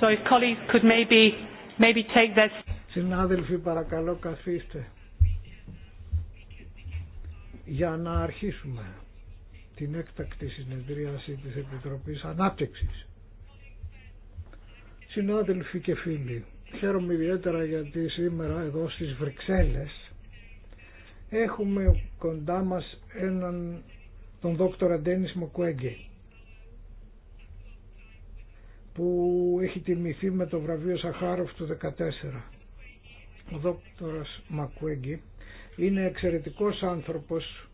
So colleagues could maybe, maybe take Συνάδελφοι παρακαλώ καθίστε για να αρχίσουμε την έκτακτη συνεδρίαση της Επιτροπής Ανάπτυξης. Συνάδελφοι και φίλοι, χαίρομαι ιδιαίτερα γιατί σήμερα εδώ στις Βρυξέλλες έχουμε κοντά μας έναν, τον δόκτορα Ντένις Μοκουέγγε που έχει τιμηθεί με το βραβείο Σαχάροφ του 2014. Ο δόκτωρας Μακουέγγι είναι εξαιρετικός άνθρωπος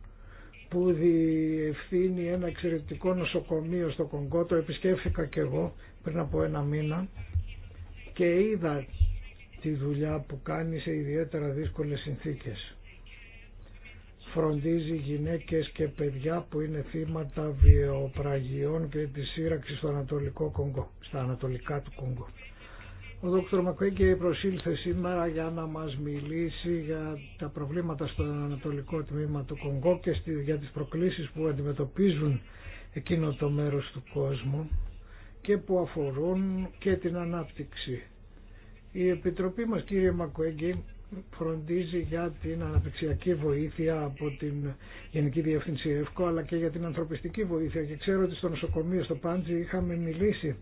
που διευθύνει ένα εξαιρετικό νοσοκομείο στο Κονγκό, το επισκέφθηκα και εγώ πριν από ένα μήνα και είδα τη δουλειά που κάνει σε ιδιαίτερα δύσκολες συνθήκες φροντίζει γυναίκες και παιδιά που είναι θύματα βιοπραγιών και της σύραξης στο Ανατολικό Κονγκό, στα ανατολικά του Κονγκό. Ο Δόκτωρ Μακουέγκε προσήλθε σήμερα για να μας μιλήσει για τα προβλήματα στο ανατολικό τμήμα του Κονγκό και για τις προκλήσεις που αντιμετωπίζουν εκείνο το μέρος του κόσμου και που αφορούν και την ανάπτυξη. Η Επιτροπή μας κύριε Μακουέγγι, φροντίζει για την αναπτυξιακή βοήθεια από την Γενική Διεύθυνση ΕΦΚΟ αλλά και για την ανθρωπιστική βοήθεια και ξέρω ότι στο νοσοκομείο στο Πάντζι είχαμε μιλήσει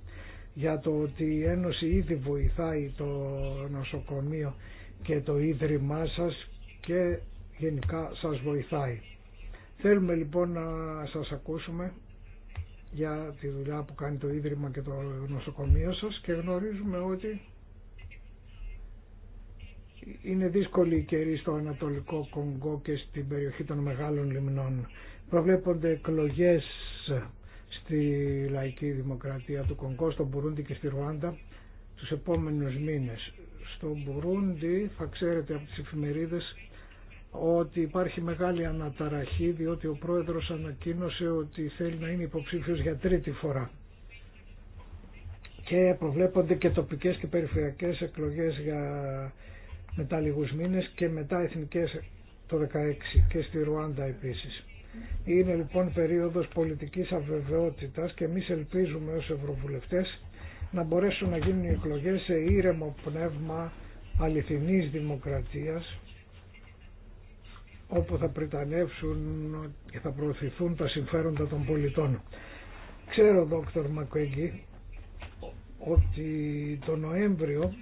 για το ότι η Ένωση ήδη βοηθάει το νοσοκομείο και το Ίδρυμά σας και γενικά σας βοηθάει. Θέλουμε λοιπόν να σας ακούσουμε για τη δουλειά που κάνει το Ίδρυμα και το νοσοκομείο σας και γνωρίζουμε ότι είναι δύσκολη η καιρή στο Ανατολικό Κονγκό και στην περιοχή των Μεγάλων Λιμνών. Προβλέπονται εκλογές στη λαϊκή δημοκρατία του Κονγκό, στο Μπουρούντι και στη Ρουάντα τους επόμενους μήνες. Στο Μπουρούντι θα ξέρετε από τις εφημερίδες ότι υπάρχει μεγάλη αναταραχή διότι ο πρόεδρος ανακοίνωσε ότι θέλει να είναι υποψήφιος για τρίτη φορά και προβλέπονται και τοπικές και περιφερειακές εκλογές για μετά λίγους μήνες και μετά εθνικές το 16 και στη Ρουάντα επίσης. Είναι λοιπόν περίοδος πολιτικής αβεβαιότητας και εμείς ελπίζουμε ως ευρωβουλευτές να μπορέσουν να γίνουν οι εκλογές σε ήρεμο πνεύμα αληθινής δημοκρατίας όπου θα πριτανεύσουν και θα προωθηθούν τα συμφέροντα των πολιτών. Ξέρω, δόκτωρ Μακουέγγι, ότι το Νοέμβριο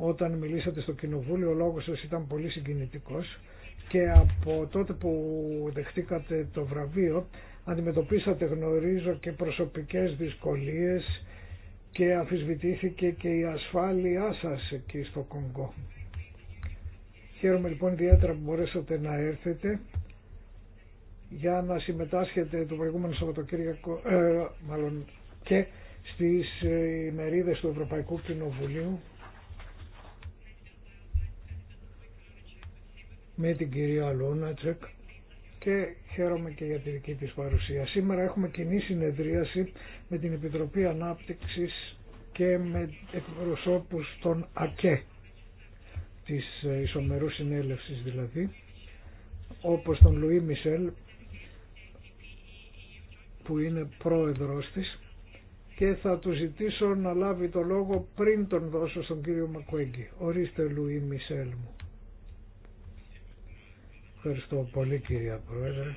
όταν μιλήσατε στο κοινοβούλιο ο λόγος σας ήταν πολύ συγκινητικός και από τότε που δεχτήκατε το βραβείο αντιμετωπίσατε γνωρίζω και προσωπικές δυσκολίες και αφισβητήθηκε και η ασφάλειά σας εκεί στο Κονγκό. Χαίρομαι λοιπόν ιδιαίτερα που μπορέσατε να έρθετε για να συμμετάσχετε το προηγούμενο Σαββατοκύριακο, ε, μάλλον και στις ε, ημερίδες του Ευρωπαϊκού Κοινοβουλίου με την κυρία Λούνατσεκ και χαίρομαι και για τη δική της παρουσία. Σήμερα έχουμε κοινή συνεδρίαση με την Επιτροπή Ανάπτυξης και με εκπροσώπους των ΑΚΕ της Ισομερούς Συνέλευσης δηλαδή όπως τον Λουί Μισελ που είναι πρόεδρος της και θα του ζητήσω να λάβει το λόγο πριν τον δώσω στον κύριο Μακουέγγι. Ορίστε Λουί Μισελ μου. Ευχαριστώ πολύ κυρία Πρόεδρε.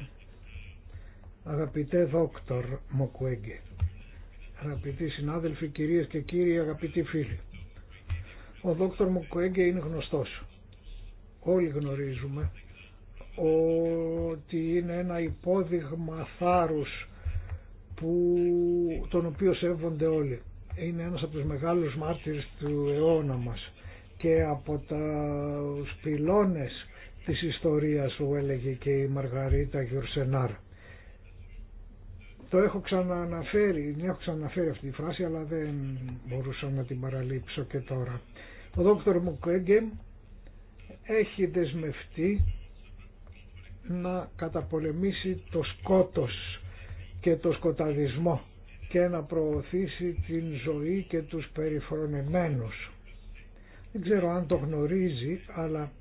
Αγαπητέ Δόκτωρ Μοκουέγγε, αγαπητοί συνάδελφοι, κυρίες και κύριοι, αγαπητοί φίλοι. Ο Δόκτωρ Μοκουέγγε είναι γνωστός. Όλοι γνωρίζουμε ότι είναι ένα υπόδειγμα θάρρους που, τον οποίο σέβονται όλοι. Είναι ένας από τους μεγάλους μάρτυρες του αιώνα μας και από τα πυλώνες της ιστορίας που έλεγε και η Μαργαρίτα Γιουρσενάρ. Το έχω ξανααναφέρει, την έχω ξαναφέρει αυτή τη φράση αλλά δεν μπορούσα να την παραλείψω και τώρα. Ο δόκτωρ Μουκέγγε έχει δεσμευτεί να καταπολεμήσει το σκότος και το σκοταδισμό και να προωθήσει την ζωή και τους περιφρονεμένους. Δεν ξέρω αν το γνωρίζει, αλλά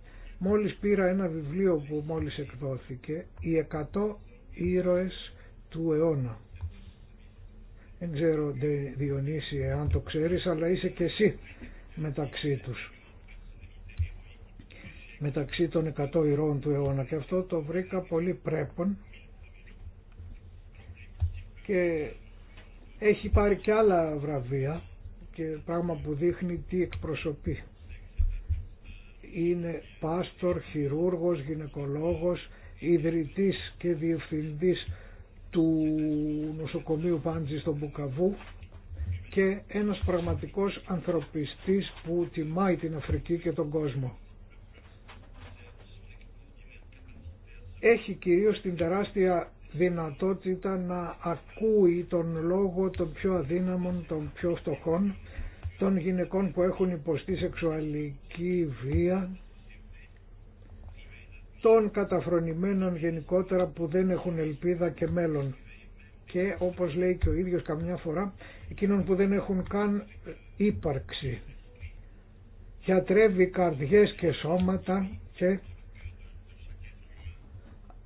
Μόλις πήρα ένα βιβλίο που μόλις εκδόθηκε, «Οι 100 ήρωες του αιώνα». Δεν ξέρω, Διονύση, εάν το ξέρεις, αλλά είσαι και εσύ μεταξύ τους. Μεταξύ των 100 ηρώων του αιώνα. Και αυτό το βρήκα πολύ πρέπον και έχει πάρει και άλλα βραβεία και πράγμα που δείχνει τι εκπροσωπεί είναι πάστορ, χειρούργος, γυναικολόγος, ιδρυτής και διευθυντής του νοσοκομείου Πάντζη στον Μπουκαβού και ένας πραγματικός ανθρωπιστής που τιμάει την Αφρική και τον κόσμο. Έχει κυρίως την τεράστια δυνατότητα να ακούει τον λόγο των πιο αδύναμων, των πιο φτωχών των γυναικών που έχουν υποστεί σεξουαλική βία, των καταφρονημένων γενικότερα που δεν έχουν ελπίδα και μέλλον και όπως λέει και ο ίδιος καμιά φορά εκείνων που δεν έχουν καν ύπαρξη. Γιατρεύει καρδιές και σώματα και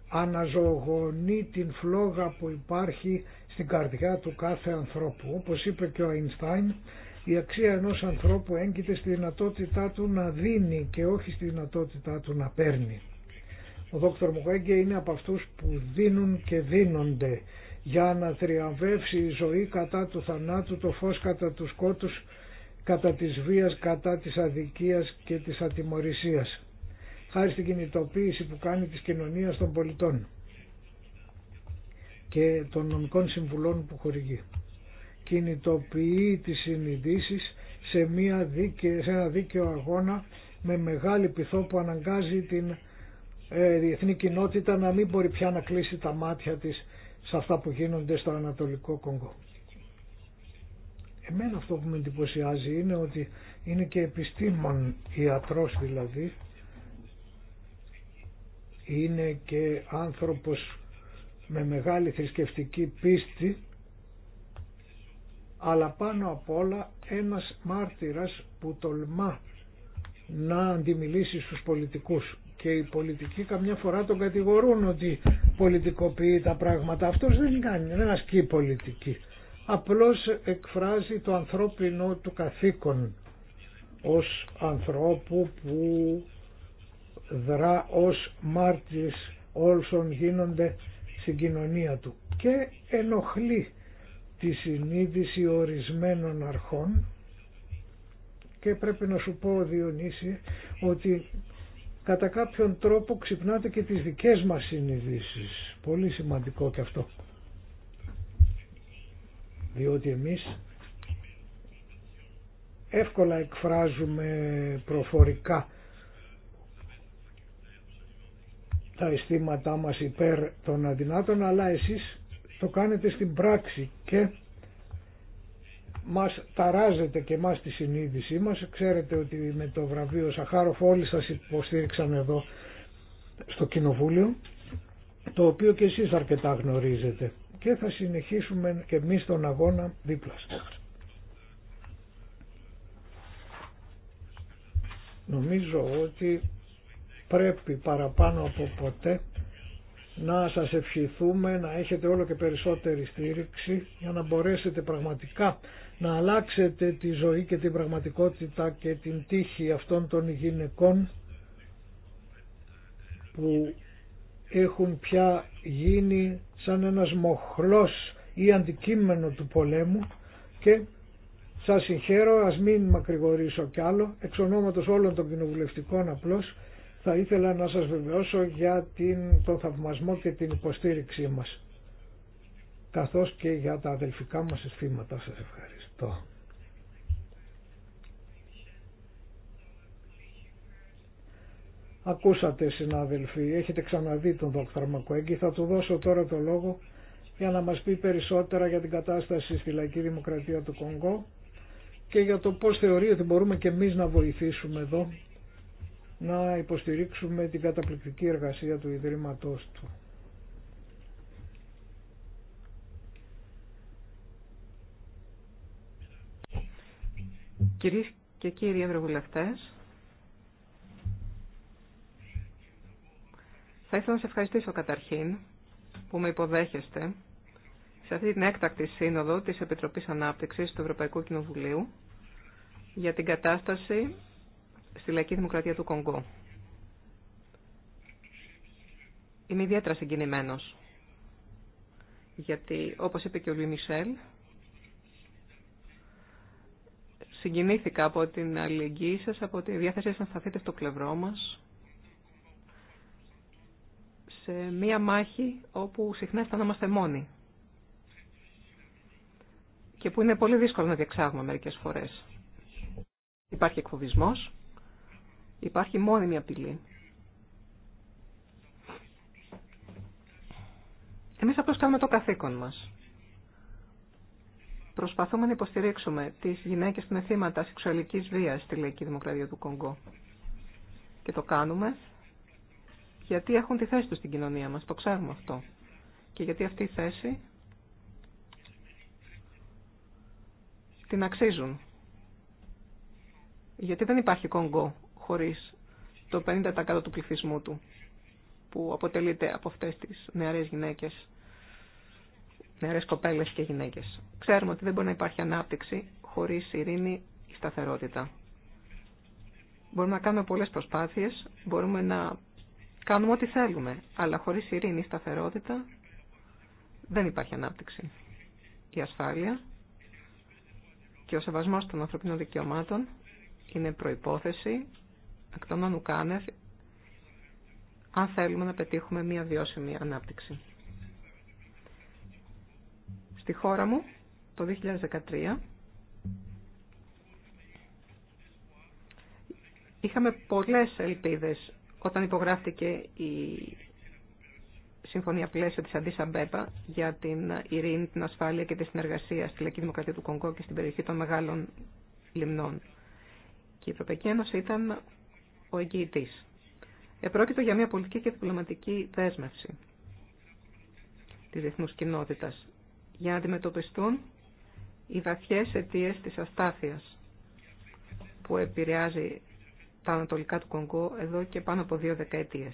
αναζωογονεί την φλόγα που υπάρχει στην καρδιά του κάθε ανθρώπου. Όπως είπε και ο Αϊνστάιν, η αξία ενός ανθρώπου έγκυται στη δυνατότητά του να δίνει και όχι στη δυνατότητά του να παίρνει. Ο δόκτωρ Μουγέγκε είναι από αυτούς που δίνουν και δίνονται για να θριαμβεύσει η ζωή κατά του θανάτου, το φως κατά του σκότους, κατά της βίας, κατά της αδικίας και της ατιμορρησίας. Χάρη στην κινητοποίηση που κάνει της κοινωνίας των πολιτών και των νομικών συμβουλών που χορηγεί κινητοποιεί τις συνειδήσεις σε, μια σε ένα δίκαιο αγώνα με μεγάλη πυθό που αναγκάζει την ε, διεθνή κοινότητα να μην μπορεί πια να κλείσει τα μάτια της σε αυτά που γίνονται στο Ανατολικό Κονγκό. Εμένα αυτό που με εντυπωσιάζει είναι ότι είναι και επιστήμον ιατρός δηλαδή είναι και άνθρωπος με μεγάλη θρησκευτική πίστη αλλά πάνω απ' όλα ένας μάρτυρας που τολμά να αντιμιλήσει στους πολιτικούς και οι πολιτικοί καμιά φορά τον κατηγορούν ότι πολιτικοποιεί τα πράγματα. Αυτός δεν κάνει, δεν ασκεί πολιτική. Απλώς εκφράζει το ανθρώπινο του καθήκον ως ανθρώπου που δρά ως μάρτυρης όσων γίνονται στην κοινωνία του και ενοχλεί τη συνείδηση ορισμένων αρχών και πρέπει να σου πω Διονύση ότι κατά κάποιον τρόπο ξυπνάτε και τις δικές μας συνειδήσεις. Πολύ σημαντικό και αυτό. Διότι εμείς εύκολα εκφράζουμε προφορικά τα αισθήματά μας υπέρ των αδυνάτων αλλά εσείς το κάνετε στην πράξη και μας ταράζετε και μας τη συνείδησή μας. Ξέρετε ότι με το βραβείο Σαχάροφ όλοι σας υποστήριξαν εδώ στο Κοινοβούλιο, το οποίο και εσείς αρκετά γνωρίζετε. Και θα συνεχίσουμε και εμείς τον αγώνα δίπλα σας. Νομίζω ότι πρέπει παραπάνω από ποτέ να σας ευχηθούμε να έχετε όλο και περισσότερη στήριξη για να μπορέσετε πραγματικά να αλλάξετε τη ζωή και την πραγματικότητα και την τύχη αυτών των γυναικών που έχουν πια γίνει σαν ένας μοχλός ή αντικείμενο του πολέμου και σας συγχαίρω, ας μην μακρηγορήσω κι άλλο, εξ ονόματος όλων των κοινοβουλευτικών απλώς, θα ήθελα να σας βεβαιώσω για την, τον θαυμασμό και την υποστήριξή μας καθώς και για τα αδελφικά μας αισθήματα. Σας ευχαριστώ. Ακούσατε συνάδελφοι, έχετε ξαναδεί τον Δόκτωρ Μακουέγγι, θα του δώσω τώρα το λόγο για να μας πει περισσότερα για την κατάσταση στη Λαϊκή Δημοκρατία του Κονγκό και για το πώς θεωρεί ότι μπορούμε και εμείς να βοηθήσουμε εδώ να υποστηρίξουμε την καταπληκτική εργασία του Ιδρύματός του. Κυρίες και κύριοι Ευρωβουλευτές, θα ήθελα να σας ευχαριστήσω καταρχήν που με υποδέχεστε σε αυτή την έκτακτη σύνοδο της Επιτροπής Ανάπτυξης του Ευρωπαϊκού Κοινοβουλίου για την κατάσταση στη Λαϊκή Δημοκρατία του Κονγκό. Είμαι ιδιαίτερα συγκινημένο. Γιατί, όπως είπε και ο Λουί Μισελ, συγκινήθηκα από την αλληλεγγύη σας, από τη διάθεσή σας να σταθείτε στο πλευρό μας, σε μία μάχη όπου συχνά αισθανόμαστε μόνοι και που είναι πολύ δύσκολο να διεξάγουμε μερικές φορές. Υπάρχει εκφοβισμός, Υπάρχει μόνιμη απειλή. Εμείς απλώς κάνουμε το καθήκον μας. Προσπαθούμε να υποστηρίξουμε τις γυναίκες που είναι θύματα σεξουαλικής βίας στη Λαϊκή Δημοκρατία του Κονγκό. Και το κάνουμε γιατί έχουν τη θέση τους στην κοινωνία μας, το ξέρουμε αυτό. Και γιατί αυτή η θέση την αξίζουν. Γιατί δεν υπάρχει Κονγκό χωρίς το 50% του πληθυσμού του που αποτελείται από αυτές τις νεαρές γυναίκες, νεαρές κοπέλες και γυναίκες. Ξέρουμε ότι δεν μπορεί να υπάρχει ανάπτυξη χωρίς ειρήνη ή σταθερότητα. Μπορούμε να κάνουμε πολλές προσπάθειες, μπορούμε να κάνουμε ό,τι θέλουμε, αλλά χωρίς ειρήνη ή σταθερότητα δεν υπάρχει ανάπτυξη. Η ασφάλεια και ο σεβασμός των ανθρωπίνων δικαιωμάτων είναι προϋπόθεση εκ των αν θέλουμε να πετύχουμε μια βιώσιμη ανάπτυξη. Στη χώρα μου, το 2013, είχαμε πολλές ελπίδες όταν υπογράφτηκε η Συμφωνία Πλαίσια της Αντίσα Μπέπα για την ειρήνη, την ασφάλεια και τη συνεργασία στη Λαϊκή Δημοκρατία του Κονγκό και στην περιοχή των Μεγάλων Λιμνών. Και η Ευρωπαϊκή Ένωση ήταν ο Επρόκειτο για μια πολιτική και διπλωματική δέσμευση τη διεθνούς κοινότητα, για να αντιμετωπιστούν οι βαθιέ αιτίε της αστάθειας που επηρεάζει τα ανατολικά του Κονγκό εδώ και πάνω από δύο δεκαετίε.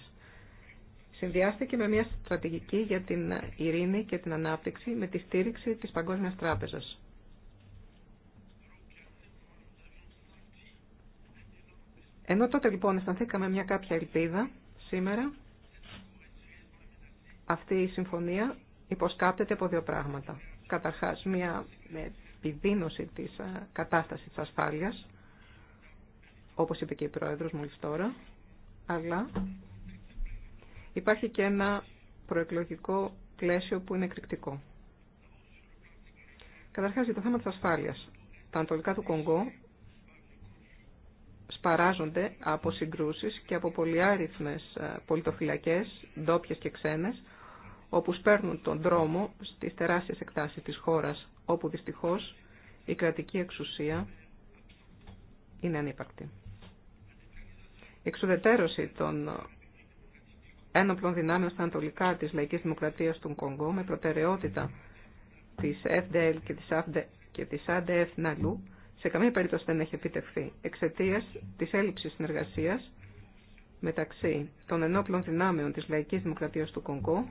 Συνδυάστηκε με μια στρατηγική για την ειρήνη και την ανάπτυξη με τη στήριξη της Παγκόσμιας Τράπεζας Ενώ τότε λοιπόν αισθανθήκαμε μια κάποια ελπίδα, σήμερα αυτή η συμφωνία υποσκάπτεται από δύο πράγματα. Καταρχάς, μια επιδείνωση της ε, κατάστασης της ασφάλειας, όπως είπε και η Πρόεδρος μόλις τώρα, αλλά υπάρχει και ένα προεκλογικό πλαίσιο που είναι εκρηκτικό. Καταρχάς, για το θέμα της ασφάλειας. Τα ανατολικά του Κονγκό σπαράζονται από συγκρούσεις και από πολυάριθμες ε, πολιτοφυλακές, ντόπιε και ξένες, όπου σπέρνουν τον δρόμο στις τεράστιες εκτάσεις της χώρας, όπου δυστυχώς η κρατική εξουσία είναι ανύπαρκτη. Η εξουδετέρωση των ένοπλων δυνάμεων στα ανατολικά της λαϊκής δημοκρατίας του Κονγκό με προτεραιότητα της FDL και της ADF Ναλού σε καμία περίπτωση δεν έχει επιτευχθεί εξαιτία τη έλλειψη συνεργασία μεταξύ των ενόπλων δυνάμεων της Λαϊκής Δημοκρατίας του Κονγκό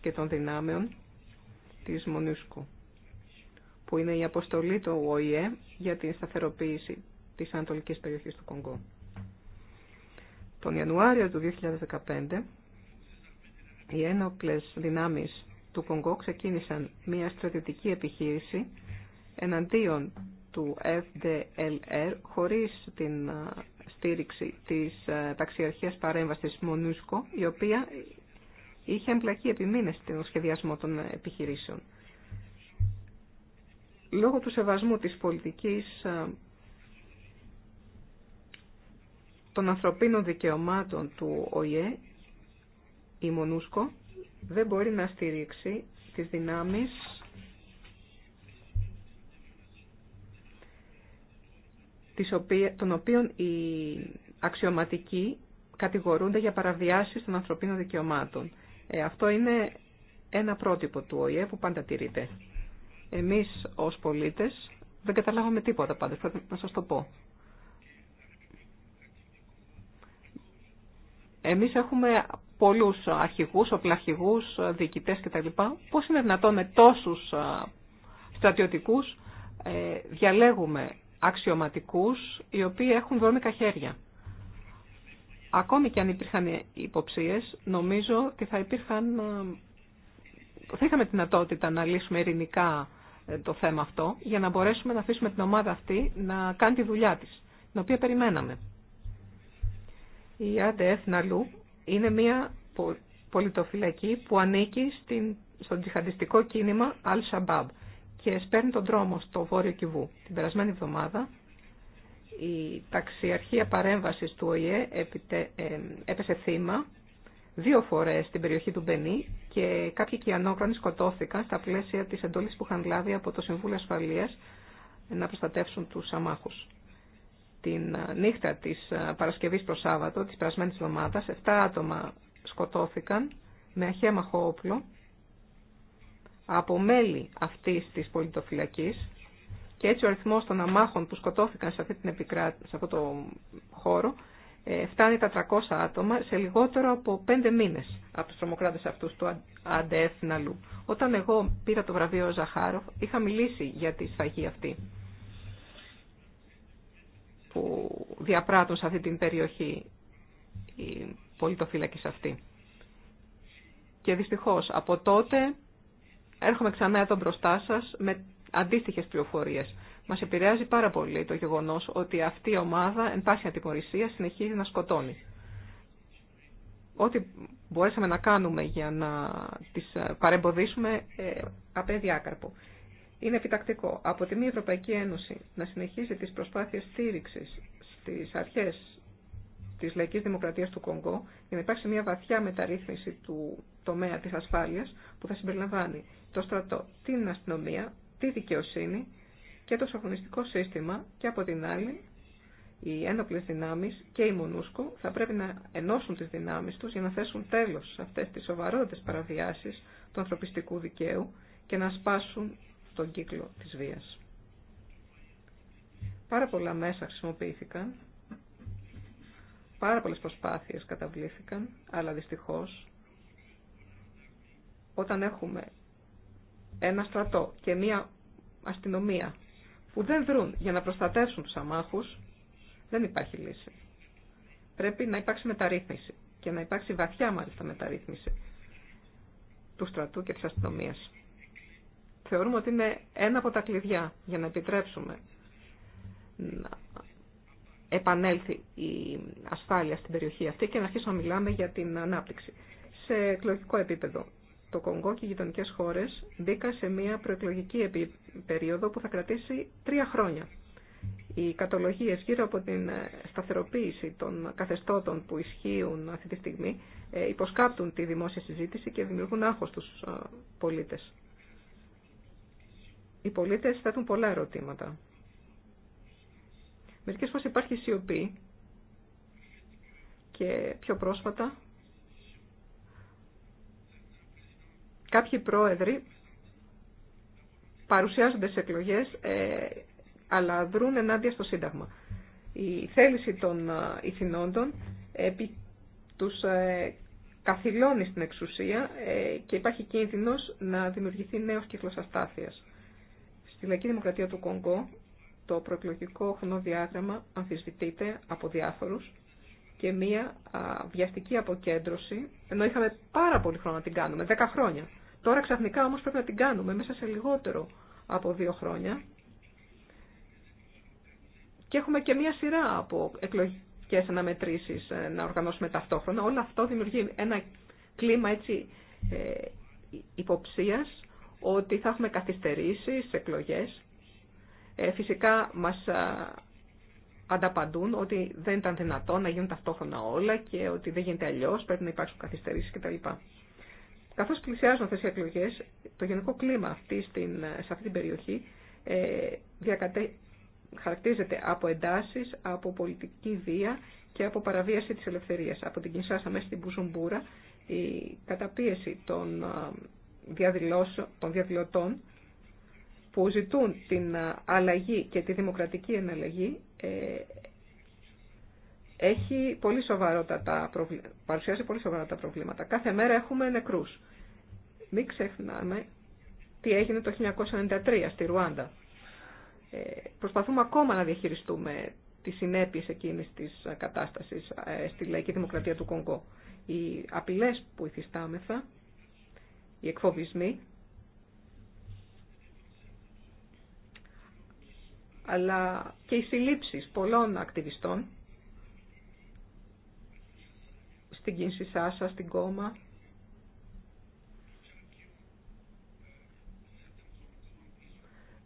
και των δυνάμεων της Μονούσκου, που είναι η αποστολή του ΟΗΕ για την σταθεροποίηση της ανατολική περιοχής του Κονγκό. Τον Ιανουάριο του 2015, οι ένοπλες δυνάμεις του Κονγκό ξεκίνησαν μια στρατιωτική επιχείρηση εναντίον του FDLR χωρίς την ε, στήριξη της ε, ταξιαρχίας παρέμβασης Μονούσκο, η οποία είχε εμπλακεί μήνες στον σχεδιασμό των επιχειρήσεων. Λόγω του σεβασμού της πολιτικής ε, των ανθρωπίνων δικαιωμάτων του ΟΗΕ, η Μονούσκο δεν μπορεί να στηρίξει τις δυνάμεις των οποίων οι αξιωματικοί κατηγορούνται για παραβιάσεις των ανθρωπίνων δικαιωμάτων. Ε, αυτό είναι ένα πρότυπο του ΟΗΕ που πάντα τηρείται. Εμείς ως πολίτες δεν καταλάβαμε τίποτα πάντα, θα να σας το πω. Εμείς έχουμε πολλούς αρχηγούς, οπλαρχηγούς, διοικητές κτλ. Πώς είναι δυνατόν με τόσους ε, στρατιωτικούς ε, διαλέγουμε αξιωματικούς οι οποίοι έχουν βρώμικα χέρια. Ακόμη και αν υπήρχαν υποψίες, νομίζω ότι θα, υπήρχαν, ε, θα είχαμε τη δυνατότητα να λύσουμε ειρηνικά ε, το θέμα αυτό, για να μπορέσουμε να αφήσουμε την ομάδα αυτή να κάνει τη δουλειά της, την οποία περιμέναμε. Η ADF Ναλού είναι μια πολιτοφυλακή που ανήκει στην, στον τζιχαντιστικό κίνημα Al-Shabaab και σπέρνει τον δρόμο στο Βόρειο Κιβού. Την περασμένη εβδομάδα η ταξιαρχία παρέμβασης του ΟΗΕ ε, έπεσε θύμα δύο φορές στην περιοχή του Μπενί και κάποιοι κυανόκρονοι σκοτώθηκαν στα πλαίσια της εντόλης που είχαν λάβει από το Συμβούλιο Ασφαλείας να προστατεύσουν τους αμάχους. Την ε, νύχτα της ε, Παρασκευής προς Σάββατο της περασμένης εβδομάδας, 7 άτομα σκοτώθηκαν με αχέμαχο όπλο από μέλη αυτής της πολιτοφυλακής και έτσι ο αριθμός των αμάχων που σκοτώθηκαν σε, την σε αυτό το χώρο ε, φτάνει τα 300 άτομα σε λιγότερο από 5 μήνες από τους τρομοκράτες αυτούς του αντεέθναλου. Όταν εγώ πήρα το βραβείο Ζαχάροφ είχα μιλήσει για τη σφαγή αυτή που διαπράττουν σε αυτή την περιοχή οι πολιτοφύλακες αυτοί. Και δυστυχώς από τότε έρχομαι ξανά εδώ μπροστά σα με αντίστοιχε πληροφορίε. Μα επηρεάζει πάρα πολύ το γεγονό ότι αυτή η ομάδα εν πάση αντιπορησία, συνεχίζει να σκοτώνει. Ό,τι μπορέσαμε να κάνουμε για να τι ε, παρεμποδίσουμε ε, απέδει άκαρπο. Είναι επιτακτικό από τη μία Ευρωπαϊκή Ένωση να συνεχίσει τι προσπάθειε στήριξη στι αρχέ τη λαϊκή Δημοκρατία του Κονγκό για να υπάρξει μια βαθιά μεταρρύθμιση του τομέα τη ασφάλεια, που θα συμπεριλαμβάνει το στρατό, την αστυνομία, τη δικαιοσύνη και το σοφρονιστικό σύστημα και από την άλλη οι ένοπλες δυνάμεις και η Μονούσκο θα πρέπει να ενώσουν τις δυνάμεις τους για να θέσουν τέλος σε αυτές τις σοβαρότητες παραβιάσεις του ανθρωπιστικού δικαίου και να σπάσουν τον κύκλο της βίας. Πάρα πολλά μέσα χρησιμοποιήθηκαν, πάρα πολλές προσπάθειες καταβλήθηκαν, αλλά δυστυχώς όταν έχουμε ένα στρατό και μια αστυνομία που δεν δρούν για να προστατεύσουν τους αμάχους, δεν υπάρχει λύση. Πρέπει να υπάρξει μεταρρύθμιση και να υπάρξει βαθιά μάλιστα μεταρρύθμιση του στρατού και της αστυνομίας. Θεωρούμε ότι είναι ένα από τα κλειδιά για να επιτρέψουμε να επανέλθει η ασφάλεια στην περιοχή αυτή και να αρχίσουμε να μιλάμε για την ανάπτυξη. Σε εκλογικό επίπεδο το Κονγκό και οι γειτονικέ χώρε μπήκαν σε μια προεκλογική περίοδο που θα κρατήσει τρία χρόνια. Οι κατολογίε γύρω από την σταθεροποίηση των καθεστώτων που ισχύουν αυτή τη στιγμή ε, υποσκάπτουν τη δημόσια συζήτηση και δημιουργούν άγχο στου ε, πολίτε. Οι πολίτε θέτουν πολλά ερωτήματα. Μερικέ φορέ υπάρχει σιωπή και πιο πρόσφατα Κάποιοι πρόεδροι παρουσιάζονται σε εκλογές, ε, αλλά δρούν ενάντια στο Σύνταγμα. Η θέληση των ε, ηθινόντων επί, τους ε, καθυλώνει στην εξουσία ε, και υπάρχει κίνδυνος να δημιουργηθεί νέος κύκλος αστάθειας. Στη Λαϊκή Δημοκρατία του Κονγκό το προεκλογικό χρονοδιάγραμμα αμφισβητείται από διάφορους και μία βιαστική αποκέντρωση, ενώ είχαμε πάρα πολύ χρόνο να την κάνουμε, 10 χρόνια. Τώρα ξαφνικά όμως πρέπει να την κάνουμε μέσα σε λιγότερο από δύο χρόνια. Και έχουμε και μία σειρά από εκλογικές αναμετρήσεις ε, να οργανώσουμε ταυτόχρονα. Όλο αυτό δημιουργεί ένα κλίμα έτσι ε, υποψίας ότι θα έχουμε καθυστερήσει στις εκλογές. Ε, φυσικά μας ανταπαντούν ότι δεν ήταν δυνατό να γίνουν ταυτόχρονα όλα και ότι δεν γίνεται αλλιώ, πρέπει να υπάρξουν καθυστερήσει κτλ καθώς πλησιάζουν αυτές οι εκλογές, το γενικό κλίμα αυτή σε αυτή την περιοχή ε, από εντάσεις, από πολιτική βία και από παραβίαση της ελευθερίας. Από την Κινσάσα μέσα στην Μπουζουμπούρα η καταπίεση των, ε, των διαδηλωτών που ζητούν την ε, αλλαγή και τη δημοκρατική εναλλαγή ε, έχει πολύ σοβαρότατα προβλήματα, παρουσιάζει πολύ σοβαρά τα προβλήματα. Κάθε μέρα έχουμε νεκρούς. Μην ξεχνάμε τι έγινε το 1993 στη Ρουάντα. Ε, προσπαθούμε ακόμα να διαχειριστούμε τις συνέπειες εκείνης της κατάστασης ε, στη λαϊκή δημοκρατία του Κονγκό. Οι απειλές που υφιστάμεθα, οι εκφοβισμοί, αλλά και οι συλλήψεις πολλών ακτιβιστών στην ΣΑΣΑ, στην κόμμα,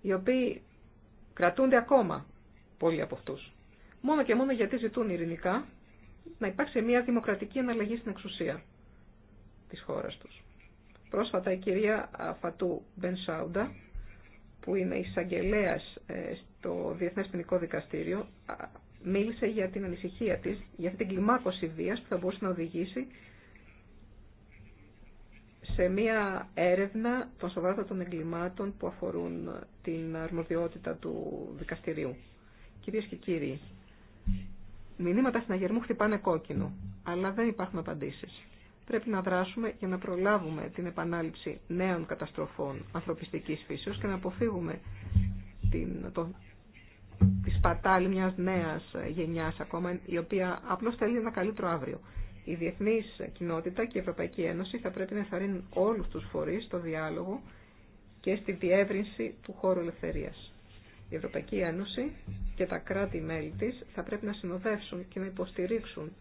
οι οποίοι κρατούνται ακόμα πολλοί από αυτούς. Μόνο και μόνο γιατί ζητούν ειρηνικά να υπάρξει μια δημοκρατική αναλλαγή στην εξουσία της χώρας τους. Πρόσφατα η κυρία Φατού Σάουντα, που είναι εισαγγελέα ε, στο Διεθνές Ποινικό Δικαστήριο, μίλησε για την ανησυχία της, για αυτή την κλιμάκωση βίας που θα μπορούσε να οδηγήσει σε μία έρευνα των των εγκλημάτων που αφορούν την αρμοδιότητα του δικαστηρίου. Κυρίες και κύριοι, μηνύματα αγερμού χτυπάνε κόκκινο, αλλά δεν υπάρχουν απαντήσεις. Πρέπει να δράσουμε για να προλάβουμε την επανάληψη νέων καταστροφών ανθρωπιστικής φύσεως και να αποφύγουμε την, τη σπατάλη μια νέα γενιά ακόμα, η οποία απλώ θέλει ένα καλύτερο αύριο. Η διεθνή κοινότητα και η Ευρωπαϊκή Ένωση θα πρέπει να ενθαρρύνουν όλου του φορεί στο διάλογο και στη διεύρυνση του χώρου ελευθερία. Η Ευρωπαϊκή Ένωση και τα κράτη-μέλη τη θα πρέπει να συνοδεύσουν και να υποστηρίξουν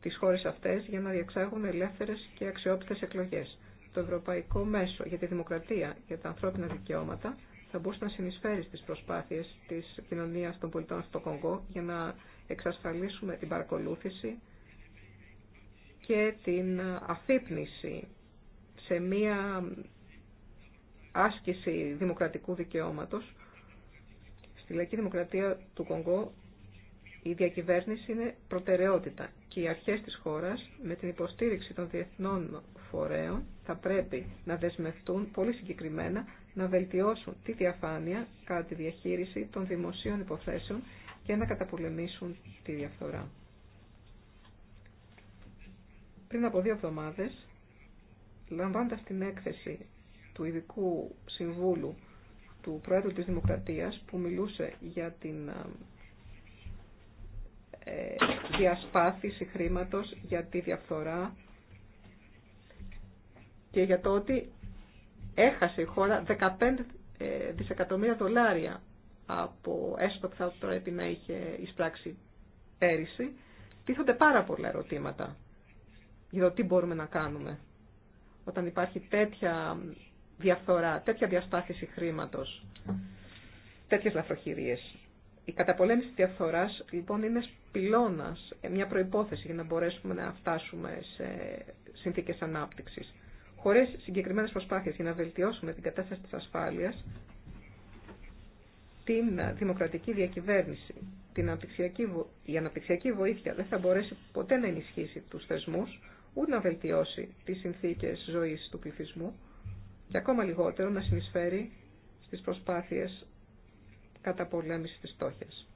τι χώρε αυτέ για να διεξάγουν ελεύθερε και αξιόπιτες εκλογές. Το Ευρωπαϊκό Μέσο για τη Δημοκρατία και τα Ανθρώπινα Δικαιώματα θα μπορούσε να συνεισφέρει στις προσπάθειες της κοινωνίας των πολιτών στο Κονγκό για να εξασφαλίσουμε την παρακολούθηση και την αφύπνιση σε μία άσκηση δημοκρατικού δικαιώματος. Στη Λαϊκή Δημοκρατία του Κονγκό η διακυβέρνηση είναι προτεραιότητα και οι αρχές της χώρας με την υποστήριξη των διεθνών φορέων θα πρέπει να δεσμευτούν πολύ συγκεκριμένα να βελτιώσουν τη διαφάνεια κατά τη διαχείριση των δημοσίων υποθέσεων και να καταπολεμήσουν τη διαφθορά. Πριν από δύο εβδομάδες, λαμβάνοντας την έκθεση του Ειδικού Συμβούλου του Προέδρου της Δημοκρατίας που μιλούσε για την ε, διασπάθηση χρήματος, για τη διαφθορά και για το ότι έχασε η χώρα 15 ε, δισεκατομμύρια δολάρια από έστω που θα πρέπει να είχε εισπράξει πέρυσι, τίθονται πάρα πολλά ερωτήματα για το τι μπορούμε να κάνουμε όταν υπάρχει τέτοια διαφθορά, τέτοια διαστάθηση χρήματος, τέτοιες λαθροχειρίες. Η καταπολέμηση της διαφθοράς λοιπόν είναι πυλώνας, ε, μια προϋπόθεση για να μπορέσουμε να φτάσουμε σε συνθήκες ανάπτυξης χωρίς συγκεκριμένες προσπάθειες για να βελτιώσουμε την κατάσταση της ασφάλειας, την δημοκρατική διακυβέρνηση, την αναπτυξιακή, η αναπτυξιακή βοήθεια δεν θα μπορέσει ποτέ να ενισχύσει τους θεσμούς, ούτε να βελτιώσει τις συνθήκες ζωής του πληθυσμού και ακόμα λιγότερο να συνεισφέρει στις προσπάθειες πολεμηση της στόχης.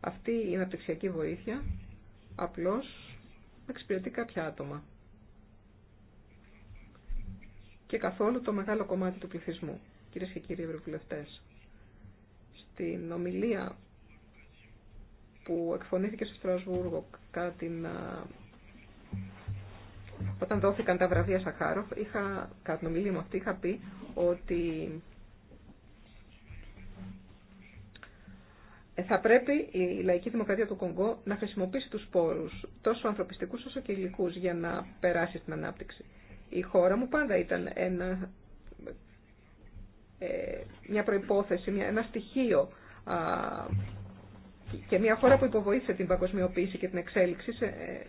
Αυτή η αναπτυξιακή βοήθεια απλώς εξυπηρετεί κάποια άτομα και καθόλου το μεγάλο κομμάτι του πληθυσμού. Κυρίε και κύριοι ευρωβουλευτέ, στην ομιλία που εκφωνήθηκε στο Στρασβούργο κατά την, όταν δόθηκαν τα βραβεία Σαχάροφ, είχα, κατά την μου αυτή είχα πει ότι ε, θα πρέπει η λαϊκή δημοκρατία του Κονγκό να χρησιμοποιήσει τους πόρους, τόσο ανθρωπιστικούς όσο και υλικούς, για να περάσει στην ανάπτυξη. Η χώρα μου πάντα ήταν ένα, ε, μια προϋπόθεση, ένα στοιχείο και μια χώρα που υποβοήθησε την παγκοσμιοποίηση και την εξέλιξη ε,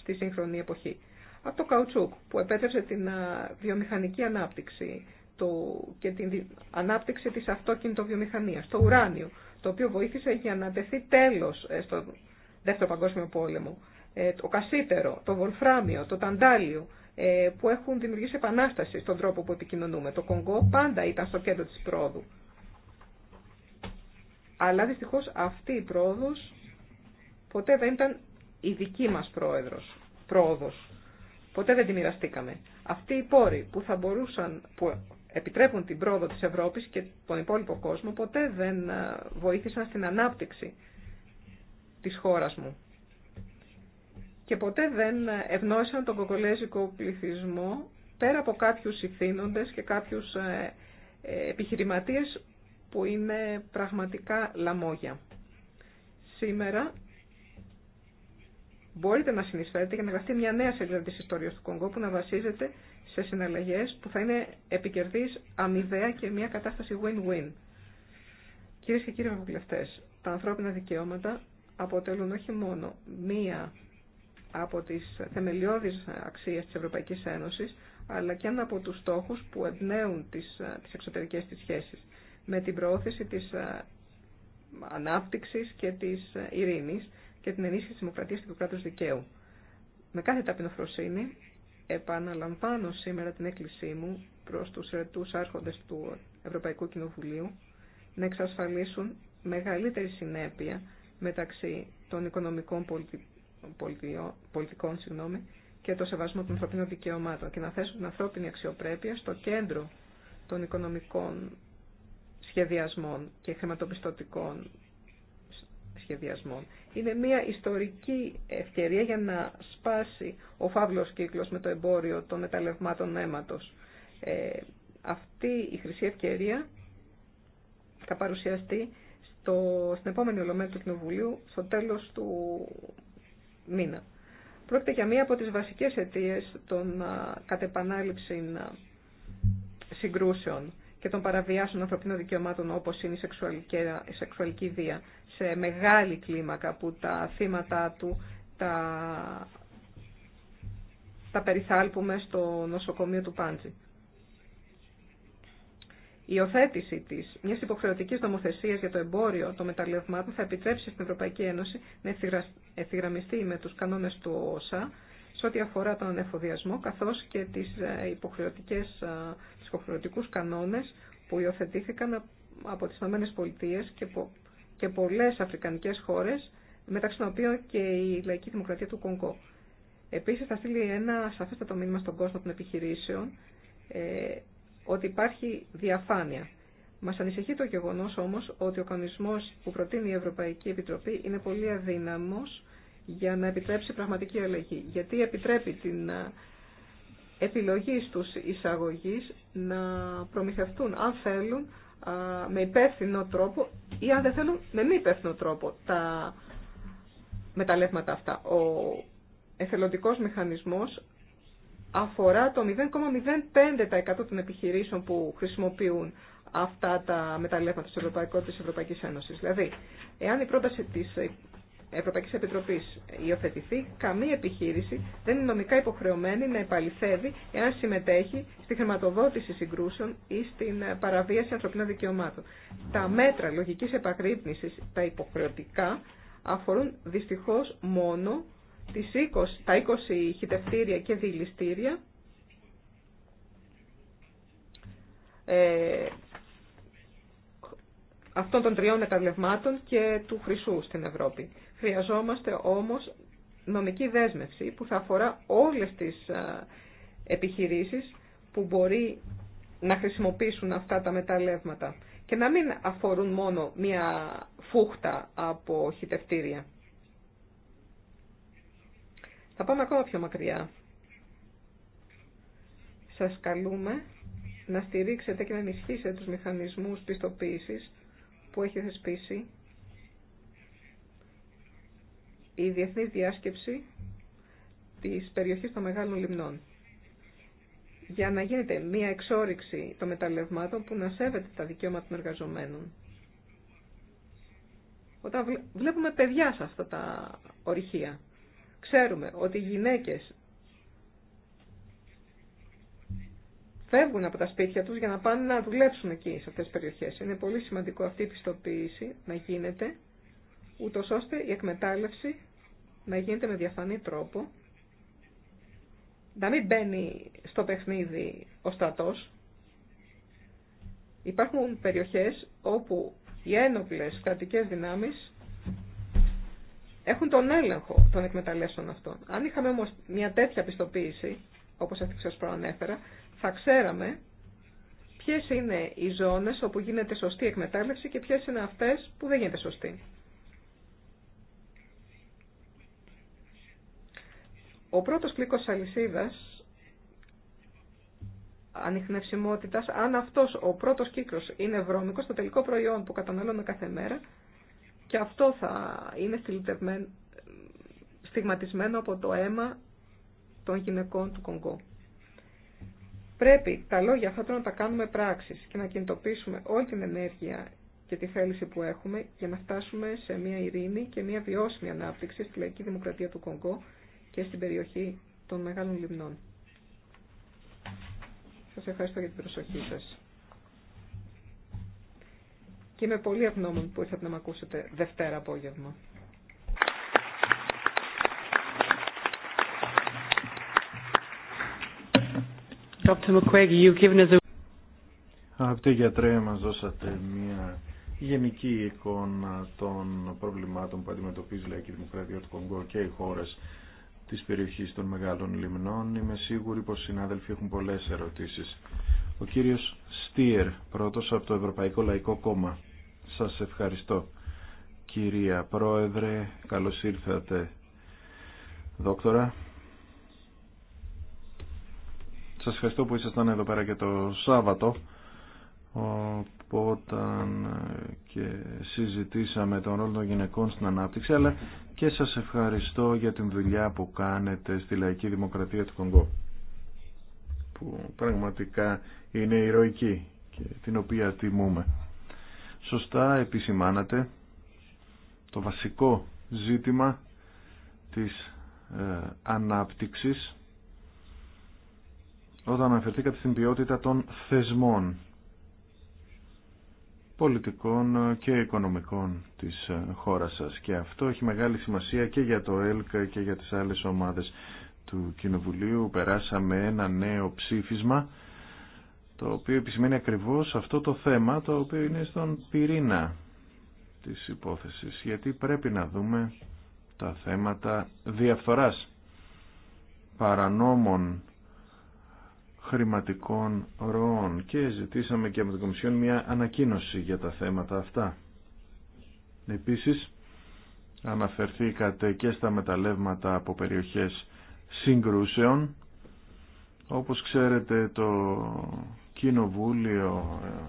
στη σύγχρονη εποχή. Από το Καουτσούκ που επέτρεψε την βιομηχανική ανάπτυξη και την ανάπτυξη της αυτοκινητοβιομηχανίας, το ουράνιο, το οποίο βοήθησε για να τεθεί τέλος ε, στο Δεύτερο Παγκόσμιο Πόλεμο, το κασίτερο, το βολφράμιο, το ταντάλιο, ε, που έχουν δημιουργήσει επανάσταση στον τρόπο που επικοινωνούμε. Το Κονγκό πάντα ήταν στο κέντρο της πρόοδου. Αλλά δυστυχώς αυτή η πρόοδος ποτέ δεν ήταν η δική μας πρόεδρος, πρόοδος. Ποτέ δεν τη μοιραστήκαμε. Αυτοί οι πόροι που θα μπορούσαν, που επιτρέπουν την πρόοδο της Ευρώπης και τον υπόλοιπο κόσμο, ποτέ δεν ε, βοήθησαν στην ανάπτυξη της χώρας μου και ποτέ δεν ευνόησαν τον κοκολέζικο πληθυσμό πέρα από κάποιους ηθήνοντες και κάποιους ε, ε, επιχειρηματίες που είναι πραγματικά λαμόγια. Σήμερα μπορείτε να συνεισφέρετε για να γραφτεί μια νέα σελίδα της ιστορίας του Κονγκό που να βασίζεται σε συναλλαγές που θα είναι επικερδής αμοιβαία και μια κατάσταση win-win. Κυρίε και κύριοι βουλευτέ, τα ανθρώπινα δικαιώματα αποτελούν όχι μόνο μία από τις θεμελιώδεις αξίες της Ευρωπαϊκής Ένωσης, αλλά και ένα από τους στόχους που εμπνέουν τις, τις εξωτερικές της σχέσεις, με την προώθηση της ε, ανάπτυξης και της ε, ειρήνης και την ενίσχυση της δημοκρατίας και του κράτους δικαίου. Με κάθε ταπεινοφροσύνη επαναλαμβάνω σήμερα την έκκλησή μου προς τους ερετούς άρχοντες του Ευρωπαϊκού Κοινοβουλίου να εξασφαλίσουν μεγαλύτερη συνέπεια μεταξύ των οικονομικών πολιτικών πολιτικών συγγνώμη, και το σεβασμό των ανθρωπίνων δικαιωμάτων και να θέσουν την ανθρώπινη αξιοπρέπεια στο κέντρο των οικονομικών σχεδιασμών και χρηματοπιστωτικών σχεδιασμών. Είναι μια ιστορική ευκαιρία για να σπάσει ο φαύλος κύκλος με το εμπόριο των μεταλλευμάτων αίματος. Ε, αυτή η χρυσή ευκαιρία θα παρουσιαστεί στην επόμενη ολομέλεια του Κοινοβουλίου στο τέλος του μήνα. Πρόκειται για μία από τις βασικές αιτίες των κατ' συγκρούσεων και των παραβιάσεων ανθρωπίνων δικαιωμάτων όπως είναι η σεξουαλική, η βία σε μεγάλη κλίμακα που τα θύματα του τα, τα περιθάλπουμε στο νοσοκομείο του Πάντζη. Η υιοθέτηση τη μια υποχρεωτική νομοθεσία για το εμπόριο των μεταλλευμάτων θα επιτρέψει στην Ευρωπαϊκή Ένωση να ευθυγραμμιστεί με του κανόνε του ΩΣΑ σε ό,τι αφορά τον εφοδιασμό καθώ και τι ε, ε, υποχρεωτικού κανόνε που υιοθετήθηκαν από τι ΗΠΑ και, και πολλές αφρικανικές χώρες μεταξύ των οποίων και η Λαϊκή Δημοκρατία του Κονγκό. Επίση θα στείλει ένα σαφέστατο μήνυμα στον κόσμο των επιχειρήσεων ε, ότι υπάρχει διαφάνεια. Μα ανησυχεί το γεγονό όμως ότι ο κανονισμός που προτείνει η Ευρωπαϊκή Επιτροπή είναι πολύ αδύναμος για να επιτρέψει πραγματική αλλαγή. Γιατί επιτρέπει την ε, επιλογή στους εισαγωγείς να προμηθευτούν αν θέλουν με υπεύθυνο τρόπο ή αν δεν θέλουν με μη υπεύθυνο τρόπο τα μεταλλεύματα αυτά. Ο εθελοντικός μηχανισμός αφορά το 0,05% των επιχειρήσεων που χρησιμοποιούν αυτά τα μεταλλεύματα στο Ευρωπαϊκό της Ευρωπαϊκής Ένωσης. Δηλαδή, εάν η πρόταση της Ευρωπαϊκής Επιτροπής υιοθετηθεί, καμία επιχείρηση δεν είναι νομικά υποχρεωμένη να επαληθεύει εάν συμμετέχει στη χρηματοδότηση συγκρούσεων ή στην παραβίαση ανθρωπίνων δικαιωμάτων. Τα μέτρα λογικής επαγρύπνησης, τα υποχρεωτικά, αφορούν δυστυχώς μόνο τις 20, τα 20 χιτευτήρια και διηληστήρια ε, αυτών των τριών μεταλλευμάτων και του χρυσού στην Ευρώπη. Χρειαζόμαστε όμως νομική δέσμευση που θα αφορά όλες τις ε, επιχειρήσεις που μπορεί να χρησιμοποιήσουν αυτά τα μεταλλεύματα και να μην αφορούν μόνο μία φούχτα από χιτευτήρια. Θα πάμε ακόμα πιο μακριά. Σας καλούμε να στηρίξετε και να ενισχύσετε τους μηχανισμούς πιστοποίησης που έχει θεσπίσει η Διεθνή Διάσκεψη της περιοχής των Μεγάλων Λιμνών για να γίνεται μία εξόριξη των μεταλλευμάτων που να σέβεται τα δικαιώματα των εργαζομένων. Όταν βλέπουμε παιδιά σε αυτά τα ορυχεία, Ξέρουμε ότι οι γυναίκες φεύγουν από τα σπίτια τους για να πάνε να δουλέψουν εκεί, σε αυτές τις περιοχές. Είναι πολύ σημαντικό αυτή η πιστοποίηση να γίνεται, ούτω ώστε η εκμετάλλευση να γίνεται με διαφανή τρόπο, να μην μπαίνει στο παιχνίδι ο στρατός. Υπάρχουν περιοχές όπου οι ένοπλες κρατικές δυνάμεις έχουν τον έλεγχο των εκμεταλλεύσεων αυτών. Αν είχαμε όμως μια τέτοια πιστοποίηση, όπως αυτή σας προανέφερα, θα ξέραμε ποιες είναι οι ζώνες όπου γίνεται σωστή εκμετάλλευση και ποιες είναι αυτές που δεν γίνεται σωστή. Ο πρώτος κλίκος αλυσίδας ανιχνευσιμότητας, αν αυτός ο πρώτος κύκλος είναι βρώμικος, το τελικό προϊόν που καταναλώνουμε κάθε μέρα, και αυτό θα είναι στιγματισμένο από το αίμα των γυναικών του Κονγκό. Πρέπει τα λόγια αυτά να τα κάνουμε πράξεις και να κινητοποιήσουμε όλη την ενέργεια και τη θέληση που έχουμε για να φτάσουμε σε μια ειρήνη και μια βιώσιμη ανάπτυξη στη λαϊκή δημοκρατία του Κονγκό και στην περιοχή των Μεγάλων Λιμνών. Σας ευχαριστώ για την προσοχή σας είμαι πολύ ευγνώμων που ήρθατε να με ακούσετε Δευτέρα απόγευμα. Αγαπητέ γιατρέ, μας δώσατε μια γενική εικόνα των προβλημάτων που αντιμετωπίζει η Δημοκρατία του Κονγκό και οι χώρες της περιοχής των Μεγάλων Λιμνών. Είμαι σίγουρη πως οι συνάδελφοι έχουν πολλές ερωτήσεις. Ο κύριος Στίερ, πρώτος από το Ευρωπαϊκό Λαϊκό Κόμμα. Σας ευχαριστώ κυρία Πρόεδρε. Καλώς ήρθατε δόκτορα. Σας ευχαριστώ που ήσασταν εδώ πέρα και το Σάββατο όταν ε, και συζητήσαμε τον ρόλο των γυναικών στην ανάπτυξη αλλά και σας ευχαριστώ για την δουλειά που κάνετε στη Λαϊκή Δημοκρατία του Κονγκό που πραγματικά είναι ηρωική και την οποία τιμούμε σωστά επισημάνατε το βασικό ζήτημα της ε, ανάπτυξης όταν αναφερθήκατε στην ποιότητα των θεσμών πολιτικών ε, και οικονομικών της ε, χώρας σας και αυτό έχει μεγάλη σημασία και για το ΕΛΚ και για τις άλλες ομάδες του Κοινοβουλίου περάσαμε ένα νέο ψήφισμα το οποίο επισημαίνει ακριβώς αυτό το θέμα το οποίο είναι στον πυρήνα της υπόθεσης γιατί πρέπει να δούμε τα θέματα διαφθοράς παρανόμων χρηματικών ροών και ζητήσαμε και από την Κομισιόν μια ανακοίνωση για τα θέματα αυτά. Επίσης αναφερθήκατε και στα μεταλλεύματα από περιοχές συγκρούσεων όπως ξέρετε το Κοινοβούλιο ε,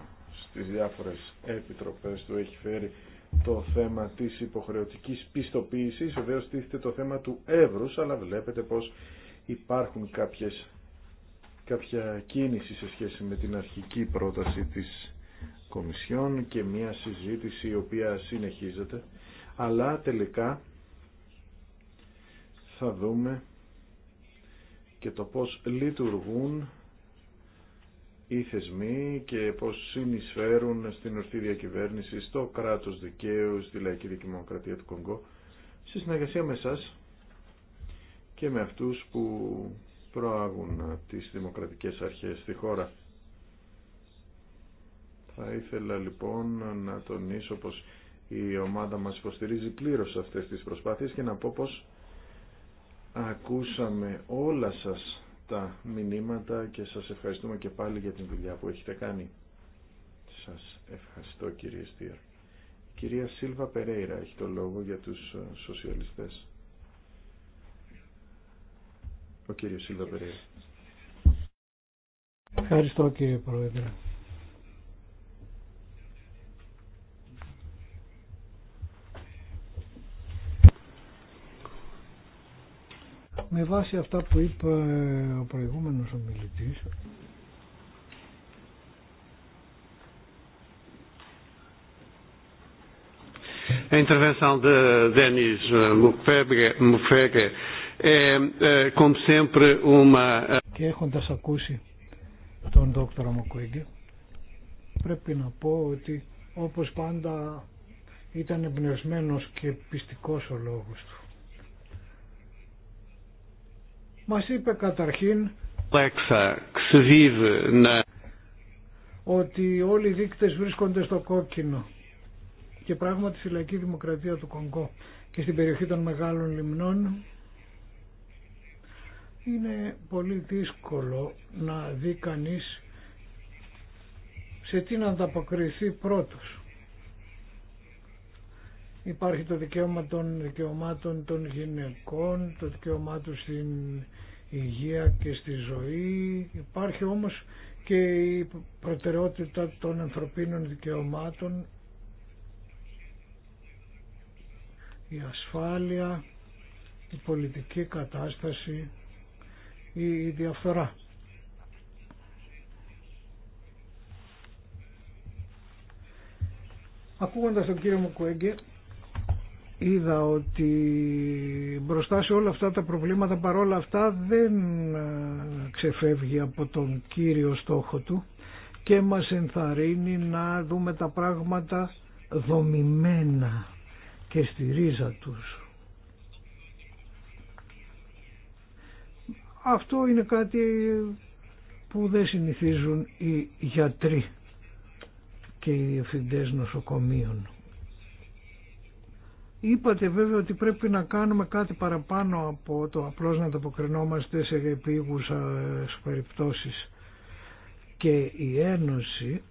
στις διάφορες επιτροπές του έχει φέρει το θέμα της υποχρεωτικής πιστοποίησης. Βεβαίω τίθεται το θέμα του εύρους, αλλά βλέπετε πως υπάρχουν κάποιες, κάποια κίνηση σε σχέση με την αρχική πρόταση της Κομισιόν και μια συζήτηση η οποία συνεχίζεται. Αλλά τελικά θα δούμε και το πώς λειτουργούν οι θεσμοί και πώς συνεισφέρουν στην ορθή διακυβέρνηση, στο κράτος δικαίου, στη λαϊκή δημοκρατία του Κονγκό, στη συνεργασία με εσάς και με αυτούς που προάγουν τις δημοκρατικές αρχές στη χώρα. Θα ήθελα λοιπόν να τονίσω πως η ομάδα μας υποστηρίζει πλήρως αυτές τις προσπάθειες και να πω πως ακούσαμε όλα σας τα μηνύματα και σας ευχαριστούμε και πάλι για την δουλειά που έχετε κάνει. Σας ευχαριστώ κύριε Στίερ. κυρία Σίλβα Περέιρα έχει το λόγο για τους ε, σοσιαλιστές. Ο κύριος Σίλβα Περέιρα. Ευχαριστώ κύριε Πρόεδρε. Με βάση αυτά που είπε ο προηγούμενος ομιλητής, A intervenção euh, euh, Και έχοντα ακούσει τον δόκτωρα Μουκουέγγε, πρέπει να πω ότι όπως πάντα ήταν εμπνευσμένο και πιστικός ο λόγος του. Μας είπε καταρχήν ναι. ότι όλοι οι δείκτες βρίσκονται στο κόκκινο και πράγματι στη λαϊκή δημοκρατία του Κονγκό και στην περιοχή των μεγάλων λιμνών είναι πολύ δύσκολο να δει κανείς σε τι να ανταποκριθεί πρώτος. Υπάρχει το δικαίωμα των δικαιωμάτων των γυναικών, το δικαίωμά τους στην υγεία και στη ζωή. Υπάρχει όμως και η προτεραιότητα των ανθρωπίνων δικαιωμάτων, η ασφάλεια, η πολιτική κατάσταση, η διαφθορά. Ακούγοντας τον κύριο Μουκουέγγε, είδα ότι μπροστά σε όλα αυτά τα προβλήματα παρόλα αυτά δεν ε, ξεφεύγει από τον κύριο στόχο του και μας ενθαρρύνει να δούμε τα πράγματα δομημένα και στη ρίζα τους. Αυτό είναι κάτι που δεν συνηθίζουν οι γιατροί και οι διευθυντές νοσοκομείων. Είπατε βέβαια ότι πρέπει να κάνουμε κάτι παραπάνω από το απλώς να ανταποκρινόμαστε σε επίγουσες περιπτώσεις. Και η Ένωση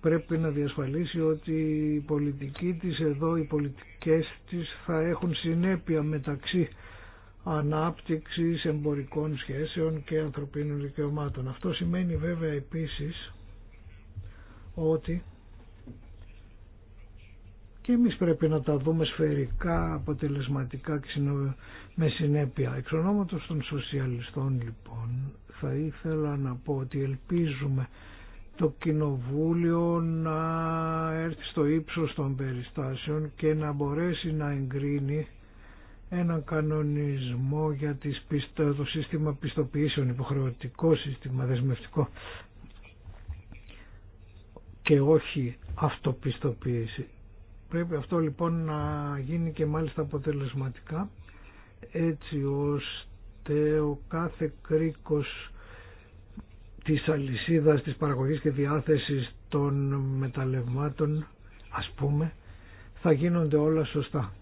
πρέπει να διασφαλίσει ότι η πολιτική της εδώ, οι πολιτικές της θα έχουν συνέπεια μεταξύ ανάπτυξης εμπορικών σχέσεων και ανθρωπίνων δικαιωμάτων. Αυτό σημαίνει βέβαια επίσης ότι και εμείς πρέπει να τα δούμε σφαιρικά, αποτελεσματικά και με συνέπεια. Εξ ονόματος των σοσιαλιστών λοιπόν θα ήθελα να πω ότι ελπίζουμε το Κοινοβούλιο να έρθει στο ύψος των περιστάσεων και να μπορέσει να εγκρίνει έναν κανονισμό για τις πιστο, το σύστημα πιστοποιήσεων, υποχρεωτικό σύστημα, δεσμευτικό και όχι αυτοπιστοποίηση Πρέπει αυτό λοιπόν να γίνει και μάλιστα αποτελεσματικά έτσι ώστε ο κάθε κρίκος της αλυσίδας της παραγωγής και διάθεσης των μεταλλευμάτων ας πούμε θα γίνονται όλα σωστά.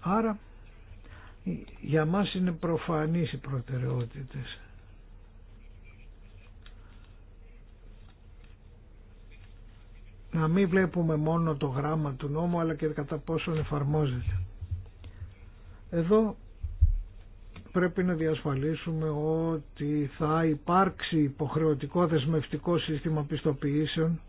Άρα για μας είναι προφανείς οι προτεραιότητες. να μην βλέπουμε μόνο το γράμμα του νόμου αλλά και κατά πόσον εφαρμόζεται. Εδώ πρέπει να διασφαλίσουμε ότι θα υπάρξει υποχρεωτικό δεσμευτικό σύστημα πιστοποιήσεων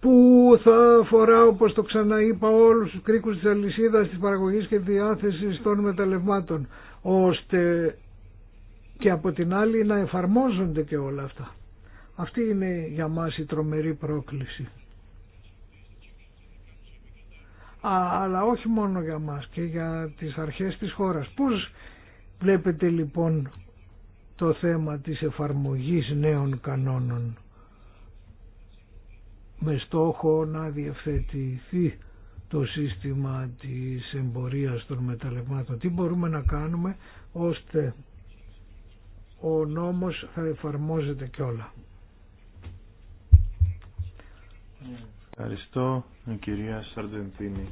που θα αφορά όπως το ξαναείπα όλους τους κρίκους της αλυσίδας της παραγωγής και διάθεσης των μεταλλευμάτων ώστε και από την άλλη να εφαρμόζονται και όλα αυτά. Αυτή είναι για μας η τρομερή πρόκληση. αλλά όχι μόνο για μας και για τις αρχές της χώρας. Πώς βλέπετε λοιπόν το θέμα της εφαρμογής νέων κανόνων με στόχο να διευθετηθεί το σύστημα της εμπορίας των μεταλλευμάτων. Τι μπορούμε να κάνουμε ώστε ο νόμος θα εφαρμόζεται κιόλα. Ευχαριστώ κυρία Σαρδεντίνη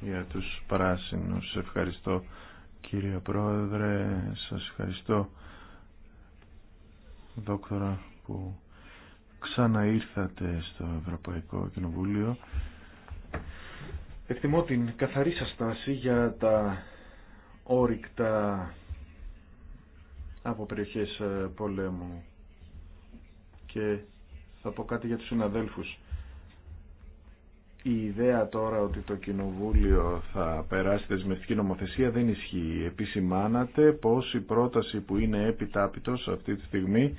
για τους πράσινους. Ευχαριστώ κύριε Πρόεδρε, σας ευχαριστώ δόκτωρα που ξαναήρθατε στο Ευρωπαϊκό Κοινοβούλιο. Εκτιμώ την καθαρή σας στάση για τα όρικτα από περιοχές ε, πολέμου και θα πω κάτι για τους συναδέλφους η ιδέα τώρα ότι το Κοινοβούλιο θα περάσει δεσμευτική νομοθεσία δεν ισχύει. Επισημάνατε πως η πρόταση που είναι επιτάπητος αυτή τη στιγμή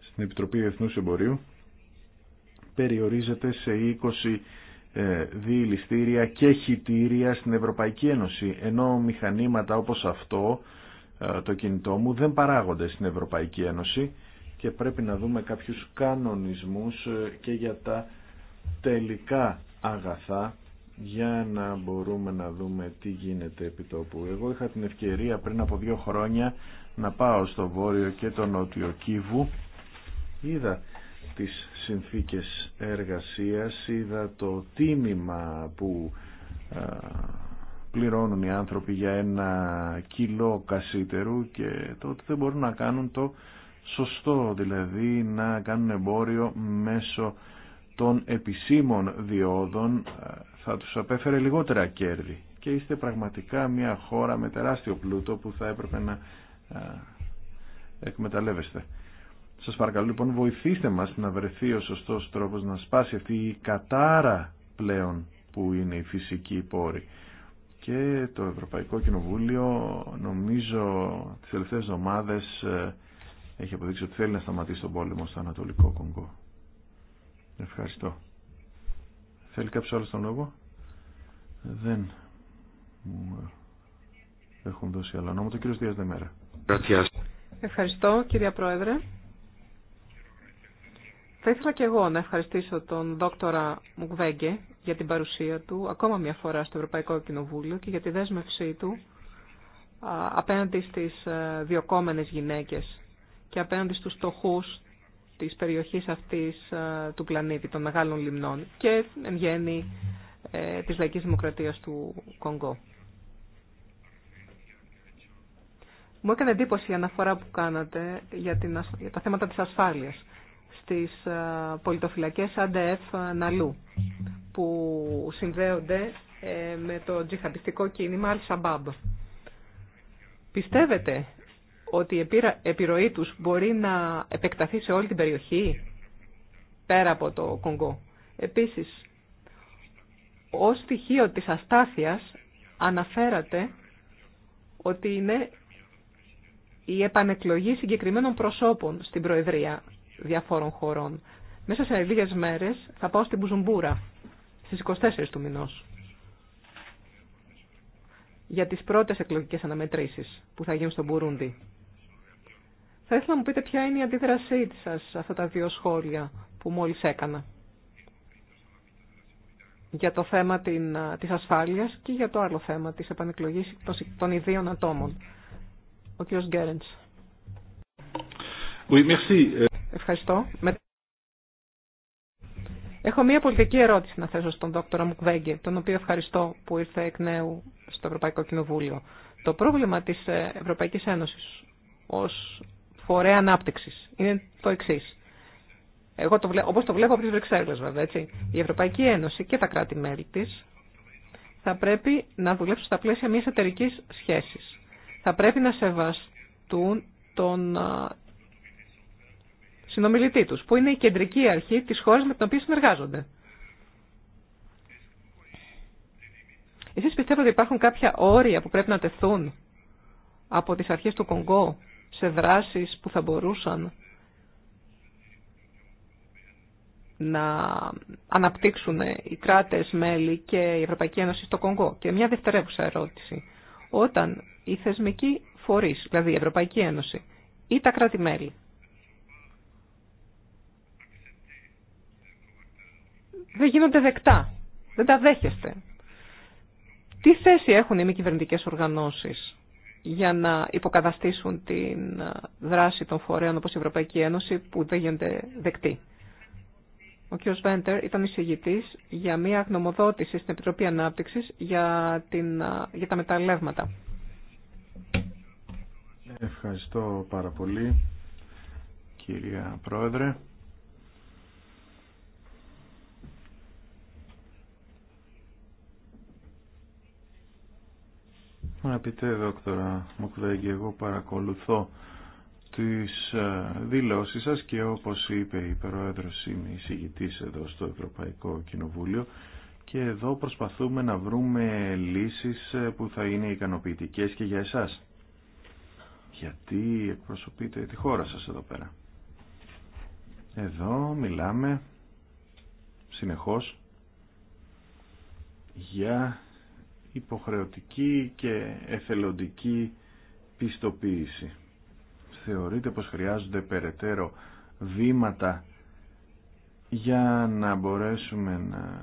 στην Επιτροπή Εθνούς Εμπορίου περιορίζεται σε 20 ε, διηληστήρια και χιτήρια στην Ευρωπαϊκή Ένωση ενώ μηχανήματα όπως αυτό ε, το κινητό μου δεν παράγονται στην Ευρωπαϊκή Ένωση και πρέπει να δούμε κάποιους κανονισμούς ε, και για τα τελικά αγαθά για να μπορούμε να δούμε τι γίνεται επί τόπου. Εγώ είχα την ευκαιρία πριν από δύο χρόνια να πάω στο Βόρειο και τον Νότιο Κίβου. Είδα τις συνθήκες εργασίας, είδα το τίμημα που πληρώνουν οι άνθρωποι για ένα κιλό κασίτερου και το ότι δεν μπορούν να κάνουν το σωστό, δηλαδή να κάνουν εμπόριο μέσω των επισήμων διόδων ε, θα τους απέφερε λιγότερα κέρδη και είστε πραγματικά μια χώρα με τεράστιο πλούτο που θα έπρεπε να ε, εκμεταλλεύεστε. Σας παρακαλώ λοιπόν βοηθήστε μας να βρεθεί ο σωστός τρόπος να σπάσει αυτή η κατάρα πλέον που είναι η φυσική πόρη. Και το Ευρωπαϊκό Κοινοβούλιο νομίζω τις τελευταίες εβδομάδες ε, έχει αποδείξει ότι θέλει να σταματήσει τον πόλεμο στο Ανατολικό Κονγκό. Ευχαριστώ. Θέλει κάποιο άλλο τον λόγο. Δεν έχουν δώσει άλλο νόμο. Το κύριο Δίας Δεμέρα. Ευχαριστώ κυρία Πρόεδρε. Θα ήθελα και εγώ να ευχαριστήσω τον δόκτορα Μουγβέγκε για την παρουσία του ακόμα μια φορά στο Ευρωπαϊκό Κοινοβούλιο και για τη δέσμευσή του απέναντι στις ε, διοκόμενες γυναίκες και απέναντι στους στοχούς της περιοχής αυτής ε, του πλανήτη, των μεγάλων λιμνών και εν γέννη ε, της Λαϊκής Δημοκρατίας του Κονγκό. Μου έκανε εντύπωση η αναφορά που κάνατε για, την, τα θέματα της ασφάλειας στις ε, πολιτοφυλακές ΑΝΤΕΕΦ Ναλού που συνδέονται με το τζιχαντιστικό κίνημα Πιστεύετε ότι η επιρροή τους μπορεί να επεκταθεί σε όλη την περιοχή, πέρα από το Κονγκό. Επίσης, ως στοιχείο της αστάθειας αναφέρατε ότι είναι η επανεκλογή συγκεκριμένων προσώπων στην Προεδρία διαφόρων χωρών. Μέσα σε λίγες μέρες θα πάω στην Μπουζουμπούρα, στις 24 του μηνός, για τις πρώτες εκλογικές αναμετρήσεις που θα γίνουν στο Μπουρούντι. Θα ήθελα να μου πείτε ποια είναι η αντίδρασή σας σε αυτά τα δύο σχόλια που μόλις έκανα για το θέμα την, της ασφάλειας και για το άλλο θέμα της επανεκλογής των ιδίων ατόμων. Ο κ. Γκέρεντς. Ευχαριστώ. Έχω μία πολιτική ερώτηση να θέσω στον δόκτωρα Μουκβέγγε, τον οποίο ευχαριστώ που ήρθε εκ νέου στο Ευρωπαϊκό Κοινοβούλιο. Το πρόβλημα της ε, Ευρωπαϊκής Ένωσης ως φορέα ανάπτυξη. Είναι το εξή. Εγώ το βλέπω, όπως το βλέπω από τις Βρυξέλλες βέβαια, έτσι. Η Ευρωπαϊκή Ένωση και τα κράτη-μέλη της θα πρέπει να δουλέψουν στα πλαίσια μιας εταιρικής σχέσης. Θα πρέπει να σεβαστούν τον συνομιλητή τους, που είναι η κεντρική αρχή της χώρας με την οποία συνεργάζονται. Εσείς πιστεύετε ότι υπάρχουν κάποια όρια που πρέπει να τεθούν από τις αρχές του Κονγκό σε δράσεις που θα μπορούσαν να αναπτύξουν οι κράτες μέλη και η Ευρωπαϊκή Ένωση στο Κονγκό. Και μια δευτερεύουσα ερώτηση. Όταν οι θεσμική φορείς, δηλαδή η Ευρωπαϊκή Ένωση ή τα κράτη-μέλη, δεν γίνονται δεκτά, δεν τα δέχεστε. Τι θέση έχουν οι μη κυβερνητικές οργανώσεις για να υποκαταστήσουν την ε, δράση των φορέων όπως η Ευρωπαϊκή Ένωση που δεν γίνονται δεκτοί. Ο κ. Βέντερ ήταν εισηγητής για μια γνωμοδότηση στην Επιτροπή Ανάπτυξης για, την, ε, για τα μεταλλεύματα. Ευχαριστώ πάρα πολύ κυρία Πρόεδρε. μου να πείτε, δόκτωρα Μουκβέγγι, εγώ παρακολουθώ τις ε, δηλώσεις σας και όπως είπε η Πρόεδρος είμαι εισηγητής εδώ στο Ευρωπαϊκό Κοινοβούλιο και εδώ προσπαθούμε να βρούμε λύσεις ε, που θα είναι ικανοποιητικές και για εσάς. Γιατί εκπροσωπείτε τη χώρα σας εδώ πέρα. Εδώ μιλάμε συνεχώς για υποχρεωτική και εθελοντική πιστοποίηση. Θεωρείτε πως χρειάζονται περαιτέρω βήματα για να μπορέσουμε να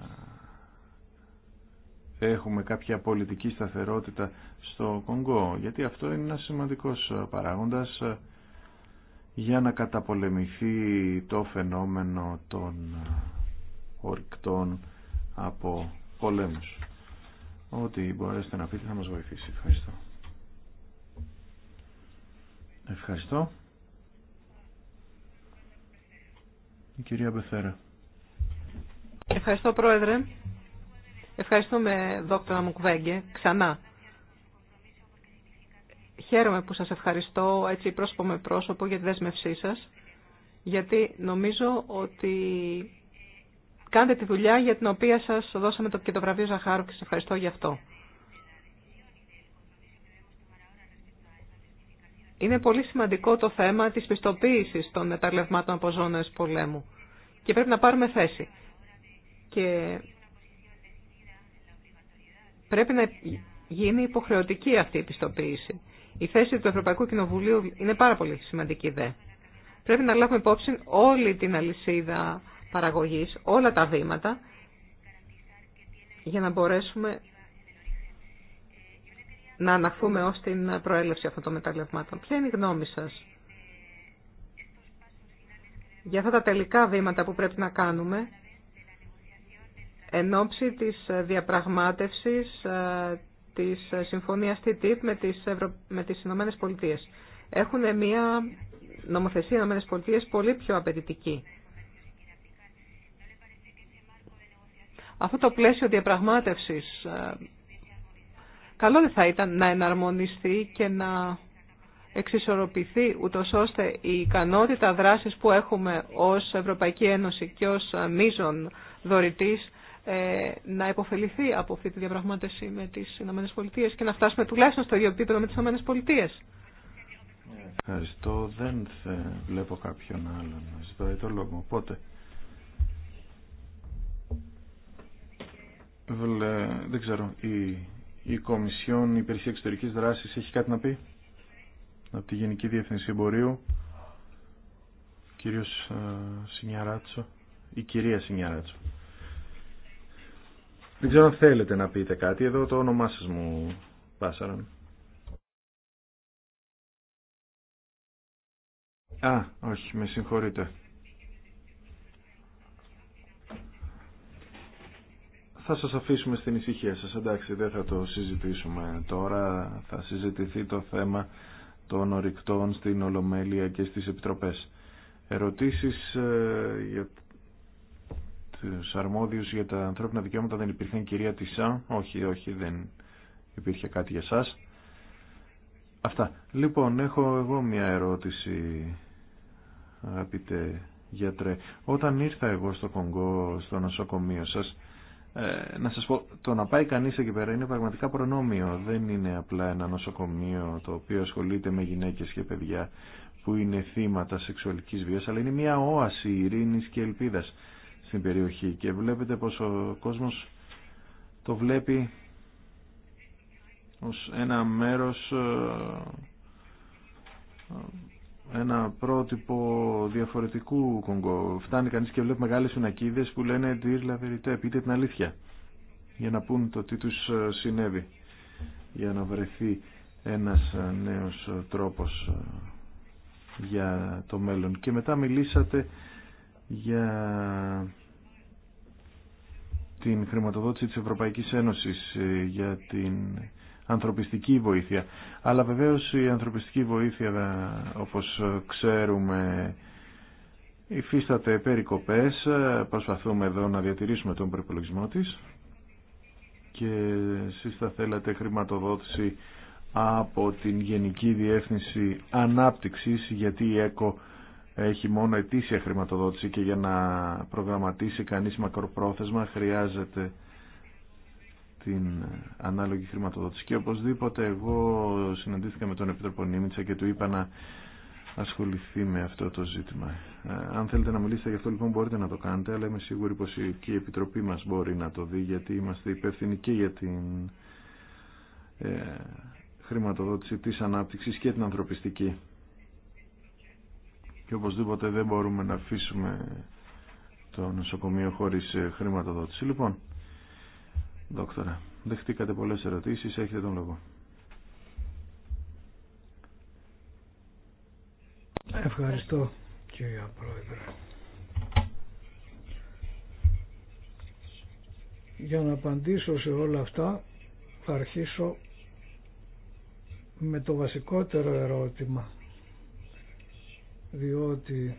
έχουμε κάποια πολιτική σταθερότητα στο Κονγκό, γιατί αυτό είναι ένα σημαντικός παράγοντας για να καταπολεμηθεί το φαινόμενο των ορυκτών από πολέμους. Ό,τι μπορέσετε να πείτε θα μας βοηθήσει. Ευχαριστώ. Ευχαριστώ. Η κυρία Μπεθέρα. Ευχαριστώ Πρόεδρε. Ευχαριστούμε δόκτωρα Μουκβέγγε ξανά. Χαίρομαι που σας ευχαριστώ έτσι πρόσωπο με πρόσωπο για τη δέσμευσή σας, γιατί νομίζω ότι κάντε τη δουλειά για την οποία σας δώσαμε το, και το βραβείο Ζαχάρου και σας ευχαριστώ για αυτό. Είναι πολύ σημαντικό το θέμα της πιστοποίησης των μεταλλευμάτων από ζώνες πολέμου και πρέπει να πάρουμε θέση. Και πρέπει να γίνει υποχρεωτική αυτή η πιστοποίηση. Η θέση του Ευρωπαϊκού Κοινοβουλίου είναι πάρα πολύ σημαντική δε. Πρέπει να λάβουμε υπόψη όλη την αλυσίδα παραγωγής, όλα τα βήματα, για να μπορέσουμε να αναχθούμε ως την προέλευση αυτών των μεταλλευμάτων. Ποια είναι η γνώμη σας για αυτά τα τελικά βήματα που πρέπει να κάνουμε εν ώψη της διαπραγμάτευσης ε, της συμφωνίας TTIP με τις, Ευρω... με τις Ηνωμένες Πολιτείες. Έχουν μια νομοθεσία οι Ηνωμένες Πολιτείες πολύ πιο απαιτητική αυτό το πλαίσιο διαπραγμάτευσης ε, καλό δεν θα ήταν να εναρμονιστεί και να εξισορροπηθεί ούτω ώστε η ικανότητα δράσης που έχουμε ως Ευρωπαϊκή Ένωση και ως μείζον δωρητής ε, να υποφεληθεί από αυτή τη διαπραγμάτευση με τις ΗΠΑ και να φτάσουμε τουλάχιστον στο ίδιο επίπεδο με τις ΗΠΑ. Ευχαριστώ. Δεν βλέπω κάποιον άλλον να ζητάει το λόγο. Δεν ξέρω, η, η Κομισιόν η Υπηρεσία Εξωτερική δράση έχει κάτι να πει από τη Γενική Διεθνή Εμπορίου κύριο ε, Σινιαράτσο η κυρία Σινιαράτσο δεν ξέρω αν θέλετε να πείτε κάτι εδώ το όνομά σα μου πάσαραν Α, όχι, με συγχωρείτε θα σας αφήσουμε στην ησυχία σας. Εντάξει, δεν θα το συζητήσουμε τώρα. Θα συζητηθεί το θέμα των ορυκτών στην Ολομέλεια και στις Επιτροπές. Ερωτήσεις ε, για τους αρμόδιους για τα ανθρώπινα δικαιώματα δεν υπήρχαν. Κυρία Τισά, όχι, όχι, δεν υπήρχε κάτι για σας. Αυτά. Λοιπόν, έχω εγώ μια ερώτηση, αγαπητέ γιατρέ. Όταν ήρθα εγώ στο Κονγκό, στο νοσοκομείο σας, ε, να σας πω, το να πάει κανείς εκεί πέρα είναι πραγματικά προνόμιο. Δεν είναι απλά ένα νοσοκομείο το οποίο ασχολείται με γυναίκες και παιδιά που είναι θύματα σεξουαλικής βίας, αλλά είναι μια όαση ειρήνης και ελπίδας στην περιοχή. Και βλέπετε πως ο κόσμος το βλέπει ως ένα μέρος ε, ένα πρότυπο διαφορετικού Κονγκό. Φτάνει κανείς και βλέπει μεγάλες συνακίδες που λένε η λαβεριτέ πείτε την αλήθεια» για να πούν το τι τους ε, συνέβη, για να βρεθεί ένας ε, νέος ε, τρόπος για το μέλλον. Και μετά μιλήσατε για την χρηματοδότηση της Ευρωπαϊκής Ένωσης, για την ανθρωπιστική βοήθεια. Αλλά βεβαίως η ανθρωπιστική βοήθεια, όπως ξέρουμε, υφίσταται περικοπές. Προσπαθούμε εδώ να διατηρήσουμε τον προπολογισμό της και εσείς θα θέλατε χρηματοδότηση από την Γενική Διεύθυνση Ανάπτυξης γιατί η ΕΚΟ έχει μόνο ετήσια χρηματοδότηση και για να προγραμματίσει κανείς μακροπρόθεσμα χρειάζεται την ανάλογη χρηματοδότηση. Και οπωσδήποτε εγώ συναντήθηκα με τον Επιτροπο Νίμητσα και του είπα να ασχοληθεί με αυτό το ζήτημα. Ε, αν θέλετε να μιλήσετε γι' αυτό λοιπόν μπορείτε να το κάνετε, αλλά είμαι σίγουρη πως και η Επιτροπή μας μπορεί να το δει, γιατί είμαστε υπεύθυνοι και για την ε, χρηματοδότηση της ανάπτυξης και την ανθρωπιστική. Και οπωσδήποτε δεν μπορούμε να αφήσουμε το νοσοκομείο χωρίς ε, χρηματοδότηση. Λοιπόν, Δόκτωρα, δεχτήκατε πολλές ερωτήσεις, έχετε τον λόγο. Ευχαριστώ κύριε Πρόεδρε. Για να απαντήσω σε όλα αυτά θα αρχίσω με το βασικότερο ερώτημα διότι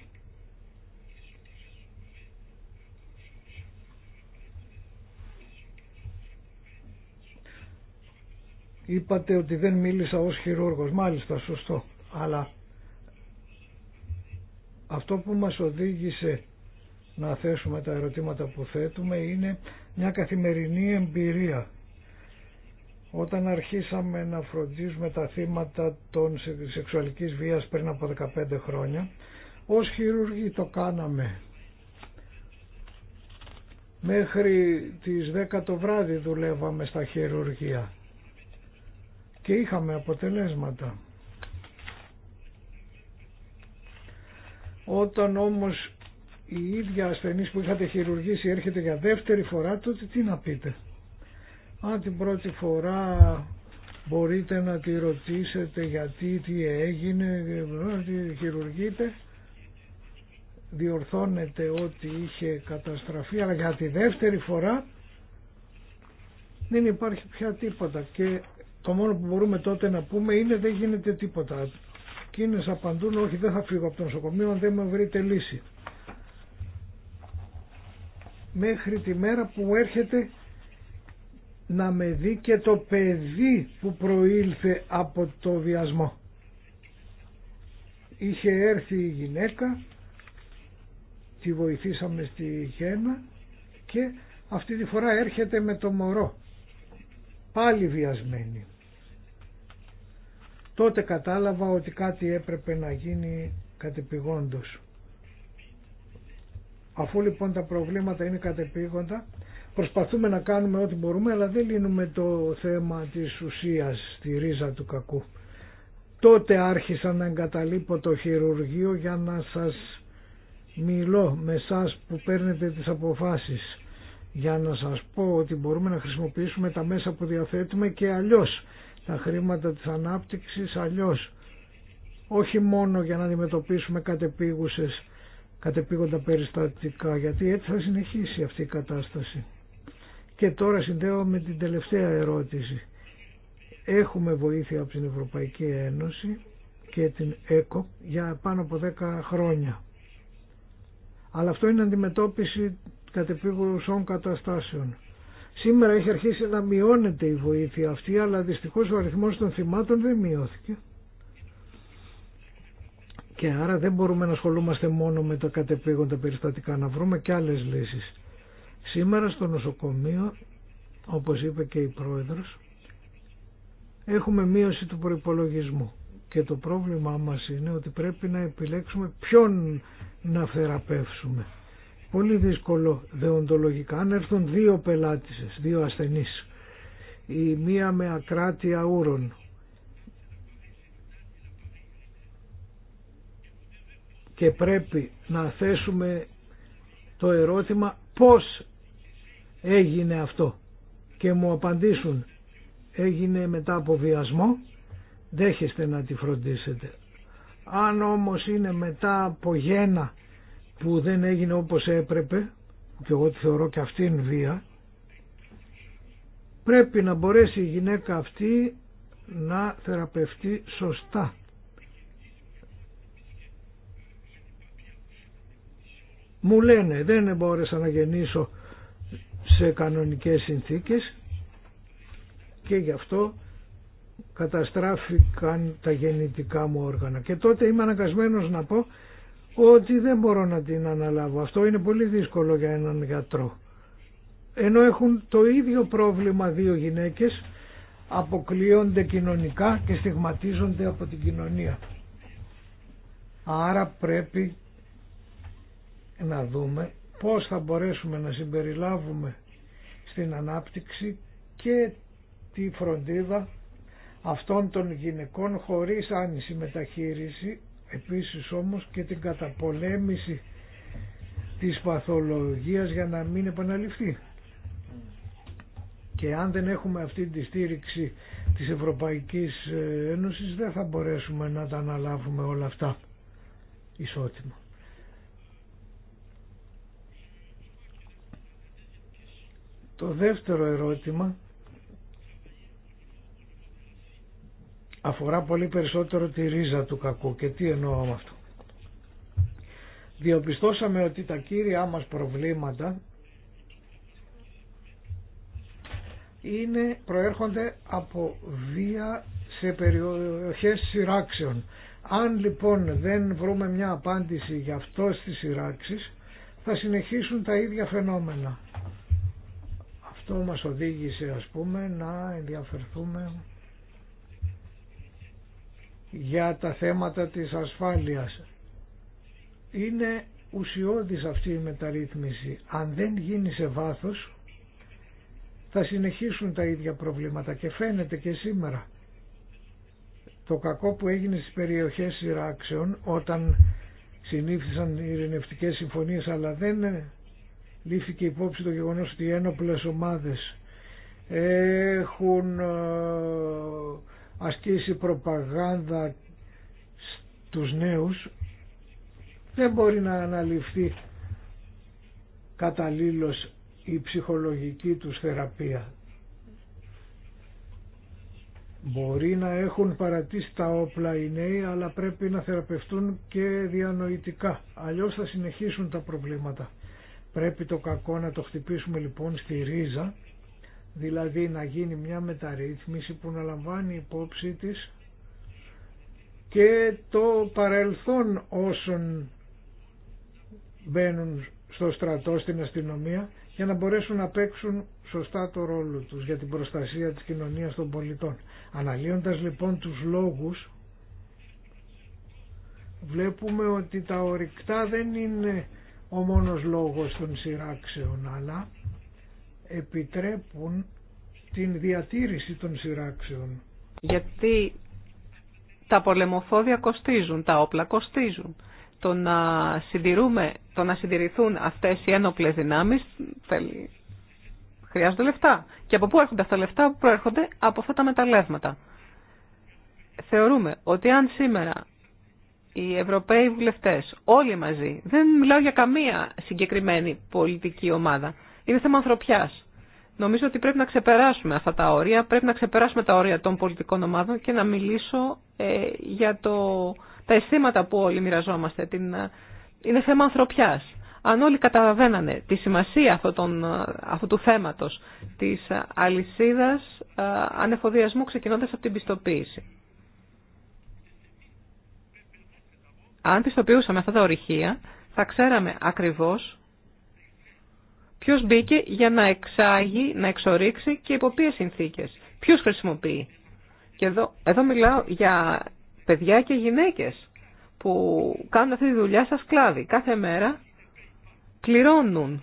Είπατε ότι δεν μίλησα ως χειρούργος. Μάλιστα, σωστό. Αλλά αυτό που μας οδήγησε να θέσουμε τα ερωτήματα που θέτουμε είναι μια καθημερινή εμπειρία. Όταν αρχίσαμε να φροντίζουμε τα θύματα των σεξουαλικής βίας πριν από 15 χρόνια, ως χειρουργοί το κάναμε. Μέχρι τις 10 το βράδυ δουλεύαμε στα χειρουργεία και είχαμε αποτελέσματα. Όταν όμως η ίδια ασθενής που είχατε χειρουργήσει έρχεται για δεύτερη φορά, τότε τι να πείτε. Αν την πρώτη φορά μπορείτε να τη ρωτήσετε γιατί, τι έγινε, τι χειρουργείτε, διορθώνεται ότι είχε καταστραφεί, αλλά για τη δεύτερη φορά δεν υπάρχει πια τίποτα και το μόνο που μπορούμε τότε να πούμε είναι δεν γίνεται τίποτα. Εκείνε απαντούν όχι δεν θα φύγω από το νοσοκομείο αν δεν με βρείτε λύση. Μέχρι τη μέρα που έρχεται να με δει και το παιδί που προήλθε από το βιασμό. Είχε έρθει η γυναίκα, τη βοηθήσαμε στη Χένα και αυτή τη φορά έρχεται με το μωρό, πάλι βιασμένη τότε κατάλαβα ότι κάτι έπρεπε να γίνει κατεπηγόντως. Αφού λοιπόν τα προβλήματα είναι κατεπήγοντα, προσπαθούμε να κάνουμε ό,τι μπορούμε, αλλά δεν λύνουμε το θέμα της ουσίας, τη ρίζα του κακού. Τότε άρχισα να εγκαταλείπω το χειρουργείο για να σας μιλώ με σας που παίρνετε τις αποφάσεις για να σας πω ότι μπορούμε να χρησιμοποιήσουμε τα μέσα που διαθέτουμε και αλλιώς τα χρήματα της ανάπτυξης αλλιώς όχι μόνο για να αντιμετωπίσουμε κατεπίγουσες κατεπήγοντα περιστατικά γιατί έτσι θα συνεχίσει αυτή η κατάσταση και τώρα συνδέω με την τελευταία ερώτηση έχουμε βοήθεια από την Ευρωπαϊκή Ένωση και την ΕΚΟ για πάνω από 10 χρόνια αλλά αυτό είναι αντιμετώπιση κατεπήγουσων καταστάσεων Σήμερα έχει αρχίσει να μειώνεται η βοήθεια αυτή, αλλά δυστυχώς ο αριθμός των θυμάτων δεν μειώθηκε. Και άρα δεν μπορούμε να ασχολούμαστε μόνο με τα κατεπήγοντα περιστατικά, να βρούμε και άλλες λύσεις. Σήμερα στο νοσοκομείο, όπως είπε και η πρόεδρος, έχουμε μείωση του προϋπολογισμού. Και το πρόβλημά μας είναι ότι πρέπει να επιλέξουμε ποιον να θεραπεύσουμε πολύ δύσκολο δεοντολογικά. Αν έρθουν δύο πελάτησες, δύο ασθενείς, η μία με ακράτεια ούρων και πρέπει να θέσουμε το ερώτημα πώς έγινε αυτό και μου απαντήσουν έγινε μετά από βιασμό δέχεστε να τη φροντίσετε αν όμως είναι μετά από γένα που δεν έγινε όπως έπρεπε και εγώ τη θεωρώ και αυτήν βία πρέπει να μπορέσει η γυναίκα αυτή να θεραπευτεί σωστά. Μου λένε δεν μπόρεσα να γεννήσω σε κανονικές συνθήκες και γι' αυτό καταστράφηκαν τα γεννητικά μου όργανα. Και τότε είμαι αναγκασμένος να πω ότι δεν μπορώ να την αναλάβω. Αυτό είναι πολύ δύσκολο για έναν γιατρό. Ενώ έχουν το ίδιο πρόβλημα δύο γυναίκες, αποκλείονται κοινωνικά και στιγματίζονται από την κοινωνία. Άρα πρέπει να δούμε πώς θα μπορέσουμε να συμπεριλάβουμε στην ανάπτυξη και τη φροντίδα αυτών των γυναικών χωρίς άνηση μεταχείριση Επίσης όμως και την καταπολέμηση της παθολογίας για να μην επαναληφθεί. Και αν δεν έχουμε αυτή τη στήριξη της Ευρωπαϊκής Ένωσης δεν θα μπορέσουμε να τα αναλάβουμε όλα αυτά ισότιμα. Το δεύτερο ερώτημα αφορά πολύ περισσότερο τη ρίζα του κακού και τι εννοώ με αυτό. Διοπιστώσαμε ότι τα κύριά μας προβλήματα είναι, προέρχονται από βία σε περιοχές σειράξεων. Αν λοιπόν δεν βρούμε μια απάντηση για αυτό στις σειράξεις θα συνεχίσουν τα ίδια φαινόμενα. Αυτό μας οδήγησε ας πούμε να ενδιαφερθούμε για τα θέματα της ασφάλειας. Είναι ουσιώδης αυτή η μεταρρύθμιση. Αν δεν γίνει σε βάθος θα συνεχίσουν τα ίδια προβλήματα και φαίνεται και σήμερα. Το κακό που έγινε στις περιοχές σειράξεων όταν συνήθισαν οι ειρηνευτικές συμφωνίες αλλά δεν λήφθηκε υπόψη το γεγονός ότι οι ένοπλες ομάδες έχουν ε, ασκήσει προπαγάνδα στους νέους δεν μπορεί να αναλυφθεί καταλήλως η ψυχολογική τους θεραπεία. Μπορεί να έχουν παρατήσει τα όπλα οι νέοι, αλλά πρέπει να θεραπευτούν και διανοητικά. Αλλιώς θα συνεχίσουν τα προβλήματα. Πρέπει το κακό να το χτυπήσουμε λοιπόν στη ρίζα δηλαδή να γίνει μια μεταρρύθμιση που να λαμβάνει υπόψη της και το παρελθόν όσων μπαίνουν στο στρατό, στην αστυνομία για να μπορέσουν να παίξουν σωστά το ρόλο τους για την προστασία της κοινωνίας των πολιτών. Αναλύοντας λοιπόν τους λόγους βλέπουμε ότι τα ορυκτά δεν είναι ο μόνος λόγος των σειράξεων αλλά επιτρέπουν την διατήρηση των σειράξεων. Γιατί τα πολεμοφόδια κοστίζουν, τα όπλα κοστίζουν. Το να, συντηρούμε, το να συντηρηθούν αυτές οι ένοπλες δυνάμεις θέλει. χρειάζονται λεφτά. Και από πού έρχονται αυτά τα λεφτά, που προέρχονται από αυτά τα μεταλλεύματα. Θεωρούμε ότι αν σήμερα οι Ευρωπαίοι βουλευτές όλοι μαζί, δεν μιλάω για καμία συγκεκριμένη πολιτική ομάδα, είναι θέμα ανθρωπιά. Νομίζω ότι πρέπει να ξεπεράσουμε αυτά τα όρια, πρέπει να ξεπεράσουμε τα όρια των πολιτικών ομάδων και να μιλήσω ε, για το, τα αισθήματα που όλοι μοιραζόμαστε. Την, ε, είναι θέμα ανθρωπιά. Αν όλοι καταλαβαίνανε τη σημασία ε, αυτού, του θέματος της αλυσίδας ανεφοδιασμού ξεκινώντας από την πιστοποίηση. Αν πιστοποιούσαμε αυτά τα ορυχεία, θα ξέραμε ακριβώς Ποιος μπήκε για να εξάγει, να εξορίξει και υπό συνθήκες. Ποιος χρησιμοποιεί. Και εδώ, εδώ μιλάω για παιδιά και γυναίκες που κάνουν αυτή τη δουλειά σαν σκλάβοι. Κάθε μέρα πληρώνουν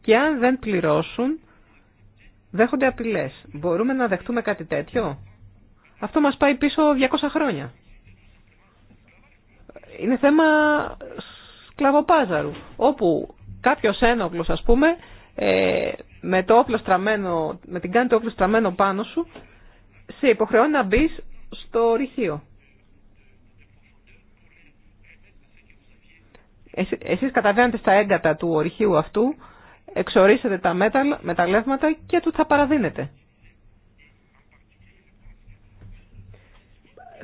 και αν δεν πληρώσουν δέχονται απειλές. Μπορούμε να δεχτούμε κάτι τέτοιο. Αυτό μας πάει πίσω 200 χρόνια. Είναι θέμα σκλαβοπάζαρου, όπου Κάποιο ένοπλο, α πούμε ε, με, το όπλο με την κάνει το όπλο στραμμένο πάνω σου σε υποχρεώνει να μπει στο ρηχείο. Εσείς καταβαίνετε στα έγκατα του ορυχείου αυτού, εξορίσετε τα μεταλλεύματα και του θα παραδίνετε.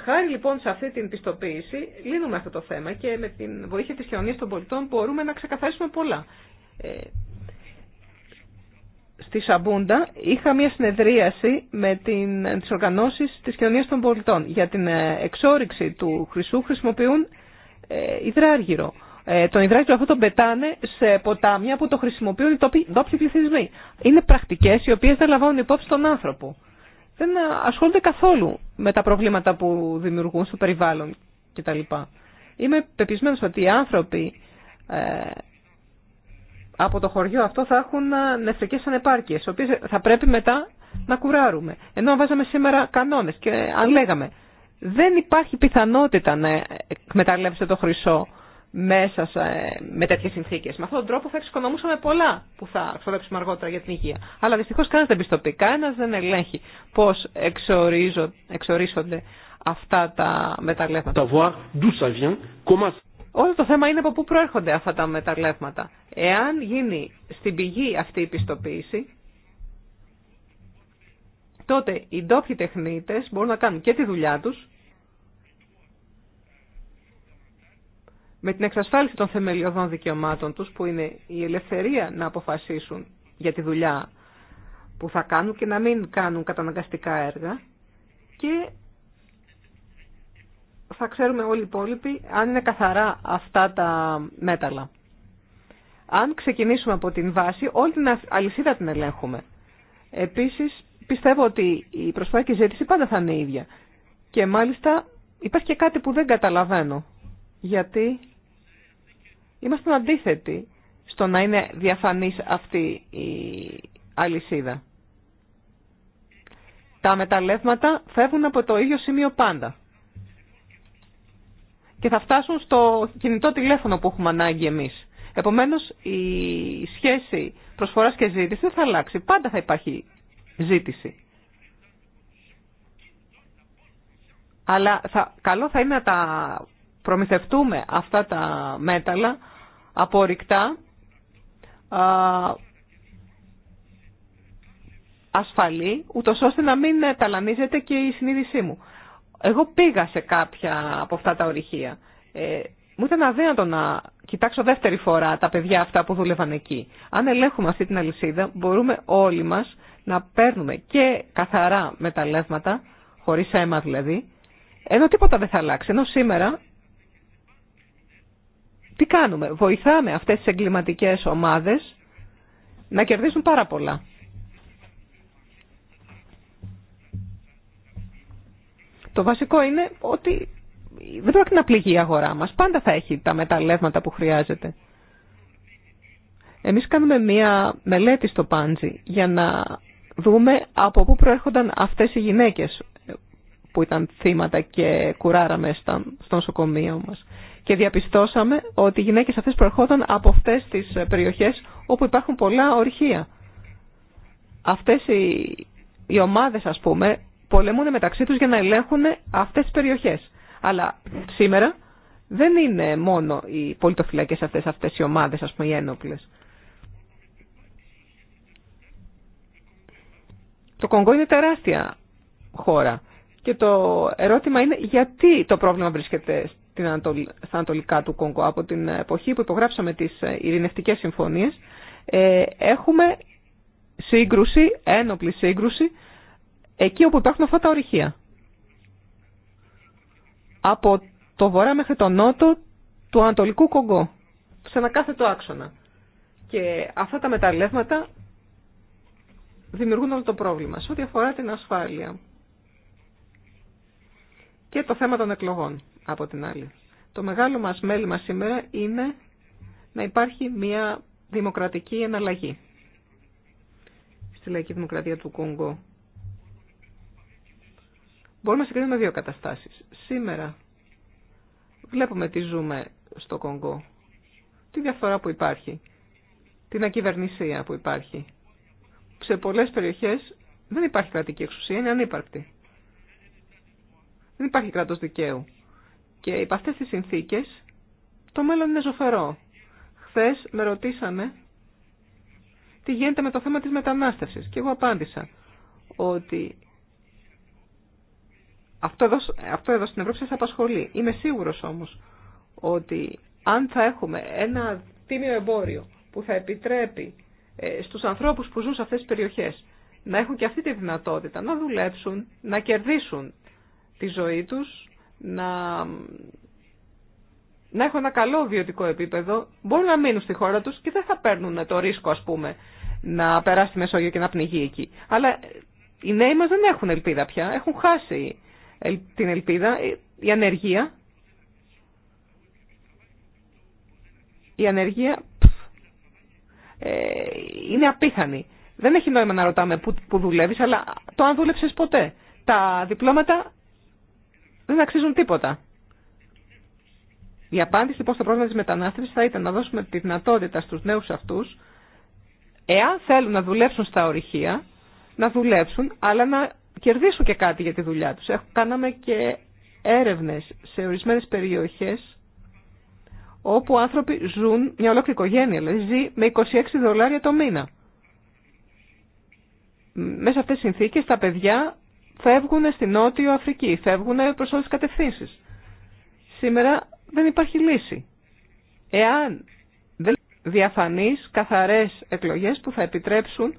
Χάρη λοιπόν σε αυτή την πιστοποίηση λύνουμε αυτό το θέμα και με την βοήθεια της κοινωνία των πολιτών μπορούμε να ξεκαθαρίσουμε πολλά. Ε, στη Σαμπούντα είχα μια συνεδρίαση με την, τις οργανώσεις της κοινωνίας των πολιτών. Για την ε, εξόριξη του χρυσού χρησιμοποιούν ε, υδράργυρο. Ε, τον υδράργυρο αυτό τον πετάνε σε ποτάμια που το χρησιμοποιούν οι ντόπιοι πληθυσμοί. Είναι πρακτικές οι οποίες δεν λαμβάνουν υπόψη τον άνθρωπο δεν ασχολούνται καθόλου με τα προβλήματα που δημιουργούν στο περιβάλλον κτλ. Είμαι πεπισμένο ότι οι άνθρωποι ε, από το χωριό αυτό θα έχουν ε, νεφρικέ ανεπάρκειες, οι θα πρέπει μετά να κουράρουμε. Ενώ βάζαμε σήμερα κανόνες και αν λέγαμε δεν υπάρχει πιθανότητα να εκμεταλλεύσετε το χρυσό μέσα σε, με τέτοιε συνθήκε. Με αυτόν τον τρόπο θα εξοικονομούσαμε πολλά που θα ξοδέψουμε αργότερα για την υγεία. Αλλά δυστυχώ κανένα δεν πιστοποιεί, κανένα δεν ελέγχει πώ εξορίζονται αυτά τα μεταλλεύματα. Όλο το θέμα είναι από πού προέρχονται αυτά τα μεταλλεύματα. Εάν γίνει στην πηγή αυτή η πιστοποίηση, τότε οι ντόπιοι τεχνίτες μπορούν να κάνουν και τη δουλειά τους με την εξασφάλιση των θεμελιωδών δικαιωμάτων τους, που είναι η ελευθερία να αποφασίσουν για τη δουλειά που θα κάνουν και να μην κάνουν καταναγκαστικά έργα και θα ξέρουμε όλοι οι υπόλοιποι αν είναι καθαρά αυτά τα μέταλλα. Αν ξεκινήσουμε από την βάση, όλη την αλυσίδα την ελέγχουμε. Επίσης, πιστεύω ότι η προσπάθεια και ζήτηση πάντα θα είναι ίδια. Και μάλιστα υπάρχει και κάτι που δεν καταλαβαίνω. Γιατί Είμαστε αντίθετοι στο να είναι διαφανής αυτή η αλυσίδα. Τα μεταλλεύματα φεύγουν από το ίδιο σημείο πάντα. Και θα φτάσουν στο κινητό τηλέφωνο που έχουμε ανάγκη εμείς. Επομένως, η σχέση προσφοράς και ζήτηση δεν θα αλλάξει. Πάντα θα υπάρχει ζήτηση. Αλλά θα, καλό θα είναι τα προμηθευτούμε αυτά τα μέταλλα απορρικτά, ασφαλή, ούτω ώστε να μην ταλανίζεται και η συνείδησή μου. Εγώ πήγα σε κάποια από αυτά τα ορυχεία. Ε, μου ήταν αδύνατο να κοιτάξω δεύτερη φορά τα παιδιά αυτά που δούλευαν εκεί. Αν ελέγχουμε αυτή την αλυσίδα, μπορούμε όλοι μας να παίρνουμε και καθαρά μεταλλεύματα, χωρίς αίμα δηλαδή, ενώ τίποτα δεν θα αλλάξει. Ενώ σήμερα τι κάνουμε, βοηθάμε αυτές τις εγκληματικές ομάδες να κερδίσουν πάρα πολλά. Το βασικό είναι ότι δεν πρέπει να πληγεί η αγορά μας. Πάντα θα έχει τα μεταλλεύματα που χρειάζεται. Εμείς κάνουμε μία μελέτη στο Πάντζι για να δούμε από πού προέρχονταν αυτές οι γυναίκες που ήταν θύματα και κουράραμε στο νοσοκομείο μας και διαπιστώσαμε ότι οι γυναίκες αυτές προερχόταν από αυτές τις περιοχές όπου υπάρχουν πολλά ορχεία. Αυτές οι, οι ομάδες, ας πούμε, πολεμούν μεταξύ τους για να ελέγχουν αυτές τις περιοχές. Αλλά σήμερα δεν είναι μόνο οι πολιτοφυλακές αυτές, αυτές οι ομάδες, ας πούμε, οι ένοπλες. Το Κονγκό είναι τεράστια χώρα και το ερώτημα είναι γιατί το πρόβλημα βρίσκεται στα ανατολικά του Κόγκο Από την εποχή που υπογράψαμε τις ε, ειρηνευτικές συμφωνίες ε, έχουμε σύγκρουση, ένοπλη σύγκρουση, εκεί όπου υπάρχουν αυτά τα ορυχεία. Από το βορρά μέχρι το νότο του Ανατολικού Κογκό. σε ένα κάθετο άξονα. Και αυτά τα μεταλλεύματα δημιουργούν όλο το πρόβλημα σε ό,τι αφορά την ασφάλεια και το θέμα των εκλογών από την άλλη. Το μεγάλο μας μέλημα σήμερα είναι να υπάρχει μια δημοκρατική εναλλαγή στη λαϊκή δημοκρατία του Κόγκο. Μπορούμε να συγκρίνουμε δύο καταστάσεις. Σήμερα βλέπουμε τι ζούμε στο Κόγκο, τη διαφορά που υπάρχει, την ακυβερνησία που υπάρχει. Σε πολλές περιοχές δεν υπάρχει κρατική εξουσία, είναι ανύπαρκτη. Δεν υπάρχει κράτος δικαίου. Και υπ' αυτές τις συνθήκες το μέλλον είναι ζωφερό. Χθες με ρωτήσανε τι γίνεται με το θέμα της μετανάστευσης και εγώ απάντησα ότι αυτό εδώ, αυτό εδώ στην Ευρώπη σας απασχολεί. Είμαι σίγουρος όμως ότι αν θα έχουμε ένα τίμιο εμπόριο που θα επιτρέπει ε, στους ανθρώπους που ζουν σε αυτές τις περιοχές να έχουν και αυτή τη δυνατότητα να δουλέψουν, να κερδίσουν τη ζωή τους να, να έχουν ένα καλό βιωτικό επίπεδο, μπορούν να μείνουν στη χώρα τους και δεν θα παίρνουν το ρίσκο, ας πούμε, να περάσει τη Μεσόγειο και να πνιγεί εκεί. Αλλά οι νέοι μας δεν έχουν ελπίδα πια, έχουν χάσει την ελπίδα, η ανεργία. Η ανεργία ε, είναι απίθανη. Δεν έχει νόημα να ρωτάμε πού, πού δουλεύεις, αλλά το αν δούλεψες ποτέ. Τα διπλώματα δεν αξίζουν τίποτα. Η απάντηση λοιπόν το πρόβλημα τη μετανάστευση θα ήταν να δώσουμε τη δυνατότητα στου νέου αυτούς, εάν θέλουν να δουλέψουν στα ορυχεία, να δουλέψουν, αλλά να κερδίσουν και κάτι για τη δουλειά τους. κάναμε και έρευνε σε ορισμένες περιοχές όπου άνθρωποι ζουν, μια ολόκληρη οικογένεια δηλαδή, ζει με 26 δολάρια το μήνα. Μέσα σε αυτές τις συνθήκες τα παιδιά φεύγουν στη Νότιο Αφρική, φεύγουν προ όλες τι κατευθύνσεις. Σήμερα δεν υπάρχει λύση. Εάν δεν διαφανείς καθαρές εκλογές που θα επιτρέψουν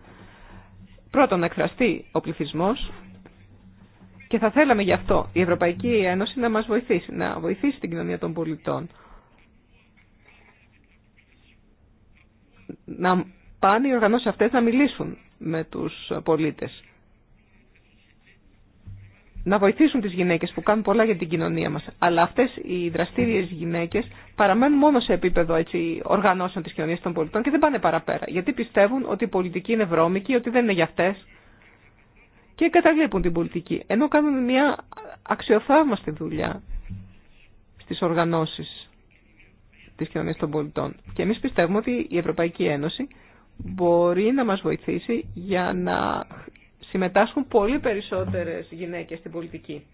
πρώτον να εκφραστεί ο πληθυσμό και θα θέλαμε γι' αυτό η Ευρωπαϊκή Ένωση να μας βοηθήσει, να βοηθήσει την κοινωνία των πολιτών. Να πάνε οι οργανώσεις αυτές να μιλήσουν με τους πολίτες να βοηθήσουν τις γυναίκες που κάνουν πολλά για την κοινωνία μας. Αλλά αυτές οι δραστήριες γυναίκες παραμένουν μόνο σε επίπεδο έτσι, οργανώσεων της κοινωνίας των πολιτών και δεν πάνε παραπέρα. Γιατί πιστεύουν ότι η πολιτική είναι βρώμικη, ότι δεν είναι για αυτές και καταλείπουν την πολιτική. Ενώ κάνουν μια αξιοθαύμαστη δουλειά στις οργανώσεις της κοινωνίας των πολιτών. Και εμείς πιστεύουμε ότι η Ευρωπαϊκή Ένωση μπορεί να μας βοηθήσει για να συμμετάσχουν πολύ περισσότερες γυναίκες στην πολιτική.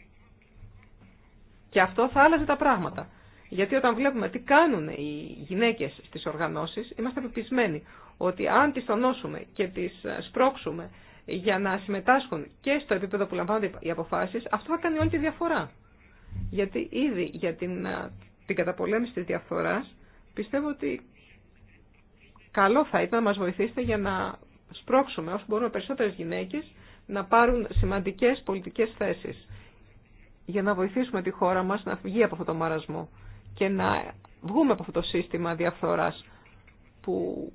Και αυτό θα άλλαζε τα πράγματα. Γιατί όταν βλέπουμε τι κάνουν οι γυναίκες στις οργανώσεις, είμαστε πεπισμένοι ότι αν τις τονώσουμε και τις σπρώξουμε για να συμμετάσχουν και στο επίπεδο που λαμβάνονται οι αποφάσεις, αυτό θα κάνει όλη τη διαφορά. Γιατί ήδη για την, την καταπολέμηση της διαφθοράς πιστεύω ότι καλό θα ήταν να μας βοηθήσετε για να σπρώξουμε όσο μπορούμε περισσότερες γυναίκες να πάρουν σημαντικές πολιτικές θέσεις για να βοηθήσουμε τη χώρα μας να βγει από αυτό το μαρασμό και να βγούμε από αυτό το σύστημα διαφθοράς που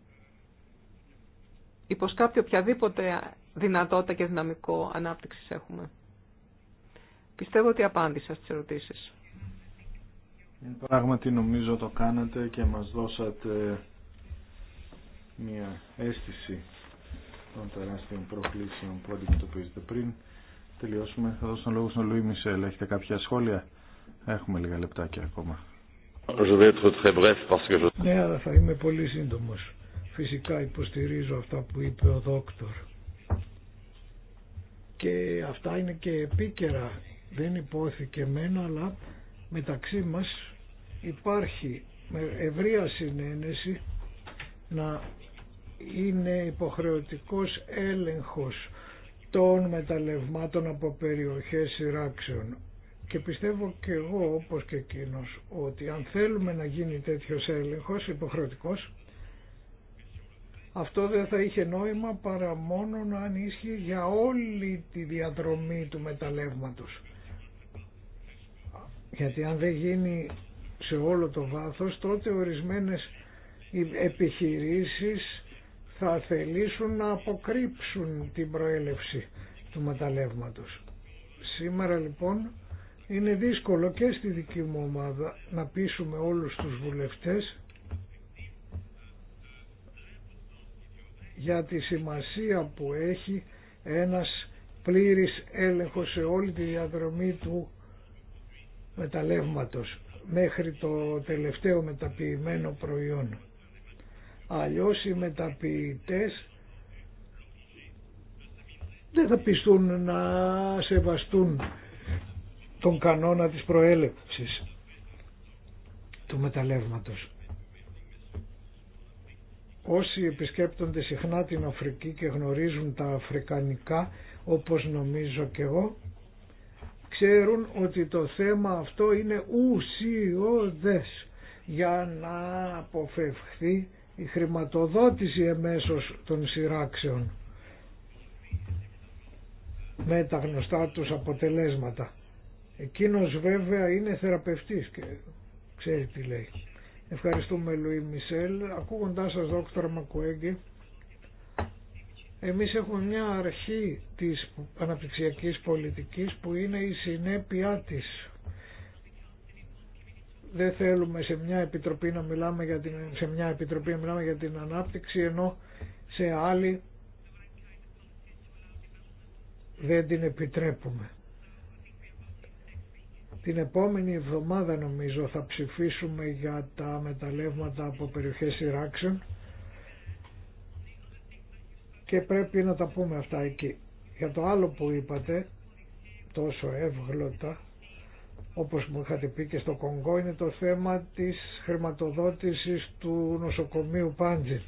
υποσκάπτει οποιαδήποτε δυνατότητα και δυναμικό ανάπτυξης έχουμε. Πιστεύω ότι απάντησα στις ερωτήσεις. Πράγματι νομίζω το κάνατε και μας δώσατε μια αίσθηση των τεράστιων προκλήσεων που αντιμετωπίζετε πριν. Τελειώσουμε. Θα δώσω τον λόγο στον Λουί Μισελ. Έχετε κάποια σχόλια. Έχουμε λίγα λεπτάκια ακόμα. Ναι, αλλά θα είμαι πολύ σύντομο. Φυσικά υποστηρίζω αυτά που είπε ο δόκτωρ. Και αυτά είναι και επίκαιρα. Δεν υπόθηκε μένα, αλλά μεταξύ μας υπάρχει ευρεία συνένεση να είναι υποχρεωτικός έλεγχος των μεταλλευμάτων από περιοχές σειράξεων. Και πιστεύω και εγώ όπως και εκείνο ότι αν θέλουμε να γίνει τέτοιος έλεγχος υποχρεωτικός αυτό δεν θα είχε νόημα παρά μόνο αν ίσχυε για όλη τη διαδρομή του μεταλλεύματος. Γιατί αν δεν γίνει σε όλο το βάθος τότε ορισμένες επιχειρήσεις θα θελήσουν να αποκρύψουν την προέλευση του μεταλλεύματος. Σήμερα λοιπόν είναι δύσκολο και στη δική μου ομάδα να πείσουμε όλους τους βουλευτές για τη σημασία που έχει ένας πλήρης έλεγχος σε όλη τη διαδρομή του μεταλλεύματος μέχρι το τελευταίο μεταποιημένο προϊόν. Αλλιώς οι μεταποιητές δεν θα πιστούν να σεβαστούν τον κανόνα της προέλευσης του μεταλλεύματος. Όσοι επισκέπτονται συχνά την Αφρική και γνωρίζουν τα αφρικανικά, όπως νομίζω και εγώ, ξέρουν ότι το θέμα αυτό είναι ουσιώδες για να αποφευχθεί η χρηματοδότηση εμέσως των σειράξεων με τα γνωστά τους αποτελέσματα. Εκείνος βέβαια είναι θεραπευτής και ξέρει τι λέει. Ευχαριστούμε Λουί Μισελ. Ακούγοντάς σας δόκτωρα Μακουέγγι, εμείς έχουμε μια αρχή της αναπτυξιακής πολιτικής που είναι η συνέπειά της δεν θέλουμε σε μια επιτροπή να μιλάμε για την, σε μια επιτροπή μιλάμε για την ανάπτυξη ενώ σε άλλη δεν την επιτρέπουμε. Την επόμενη εβδομάδα νομίζω θα ψηφίσουμε για τα μεταλλεύματα από περιοχές Ιράξεων και πρέπει να τα πούμε αυτά εκεί. Για το άλλο που είπατε τόσο εύγλωτα όπως μου είχατε πει και στο Κονγκό είναι το θέμα της χρηματοδότησης του νοσοκομείου Πάντζη.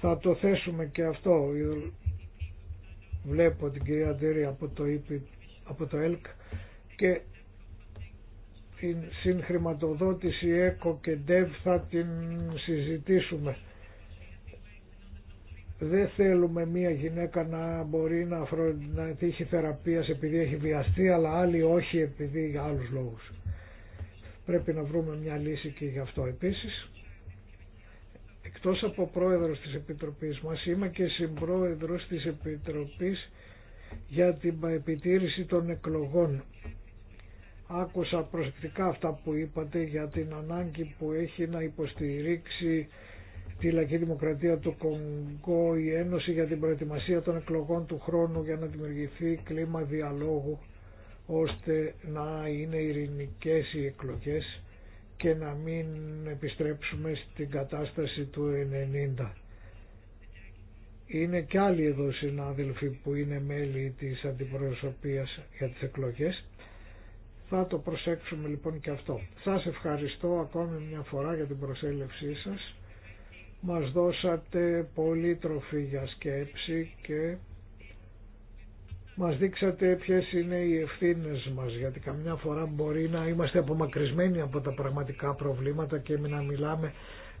Θα το θέσουμε και αυτό. Βλέπω την κυρία Ντέρη από το, από το ΕΛΚ και την συγχρηματοδότηση ΕΚΟ και ΝΤΕΒ θα την συζητήσουμε δεν θέλουμε μία γυναίκα να μπορεί να, φρο... να τύχει θεραπείας επειδή έχει βιαστεί, αλλά άλλη όχι επειδή για άλλους λόγους. Πρέπει να βρούμε μια λύση και γι' αυτό επίσης. Εκτός από πρόεδρος της Επιτροπής μας, είμαι και συμπρόεδρος της Επιτροπής για την επιτήρηση των εκλογών. Άκουσα προσεκτικά αυτά που είπατε για την ανάγκη που έχει να υποστηρίξει τη Λαϊκή Δημοκρατία του Κονγκό η Ένωση για την προετοιμασία των εκλογών του χρόνου για να δημιουργηθεί κλίμα διαλόγου ώστε να είναι ειρηνικές οι εκλογές και να μην επιστρέψουμε στην κατάσταση του 90. Είναι και άλλοι εδώ συνάδελφοι που είναι μέλη της αντιπροσωπείας για τις εκλογές. Θα το προσέξουμε λοιπόν και αυτό. Σας ευχαριστώ ακόμη μια φορά για την προσέλευσή σας μας δώσατε πολύ τροφή για σκέψη και μας δείξατε ποιες είναι οι ευθύνες μας γιατί καμιά φορά μπορεί να είμαστε απομακρυσμένοι από τα πραγματικά προβλήματα και να μιλάμε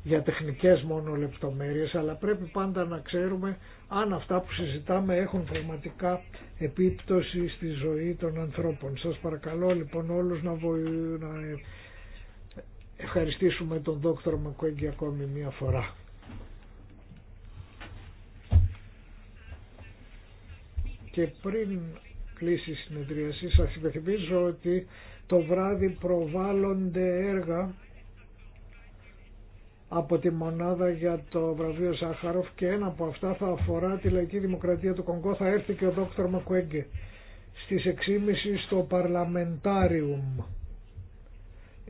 για τεχνικές μόνο λεπτομέρειες αλλά πρέπει πάντα να ξέρουμε αν αυτά που συζητάμε έχουν πραγματικά επίπτωση στη ζωή των ανθρώπων. Σας παρακαλώ λοιπόν όλους να, να ευχαριστήσουμε τον δόκτωρο Μακουέγγι ακόμη μία φορά. και πριν κλείσει η συνεδρίαση σας υπενθυμίζω ότι το βράδυ προβάλλονται έργα από τη μονάδα για το βραβείο Σάχαροφ και ένα από αυτά θα αφορά τη λαϊκή δημοκρατία του Κονγκό θα έρθει και ο δόκτωρ Μακουέγκε στις 6.30 στο Παρλαμεντάριουμ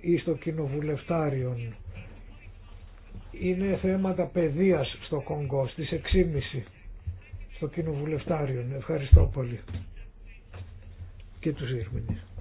ή στο Κοινοβουλευτάριον είναι θέματα παιδείας στο Κονγκό στις 6.30 στο κοινοβουλευτάριο Ευχαριστώ πολύ και τους ήρμηνες.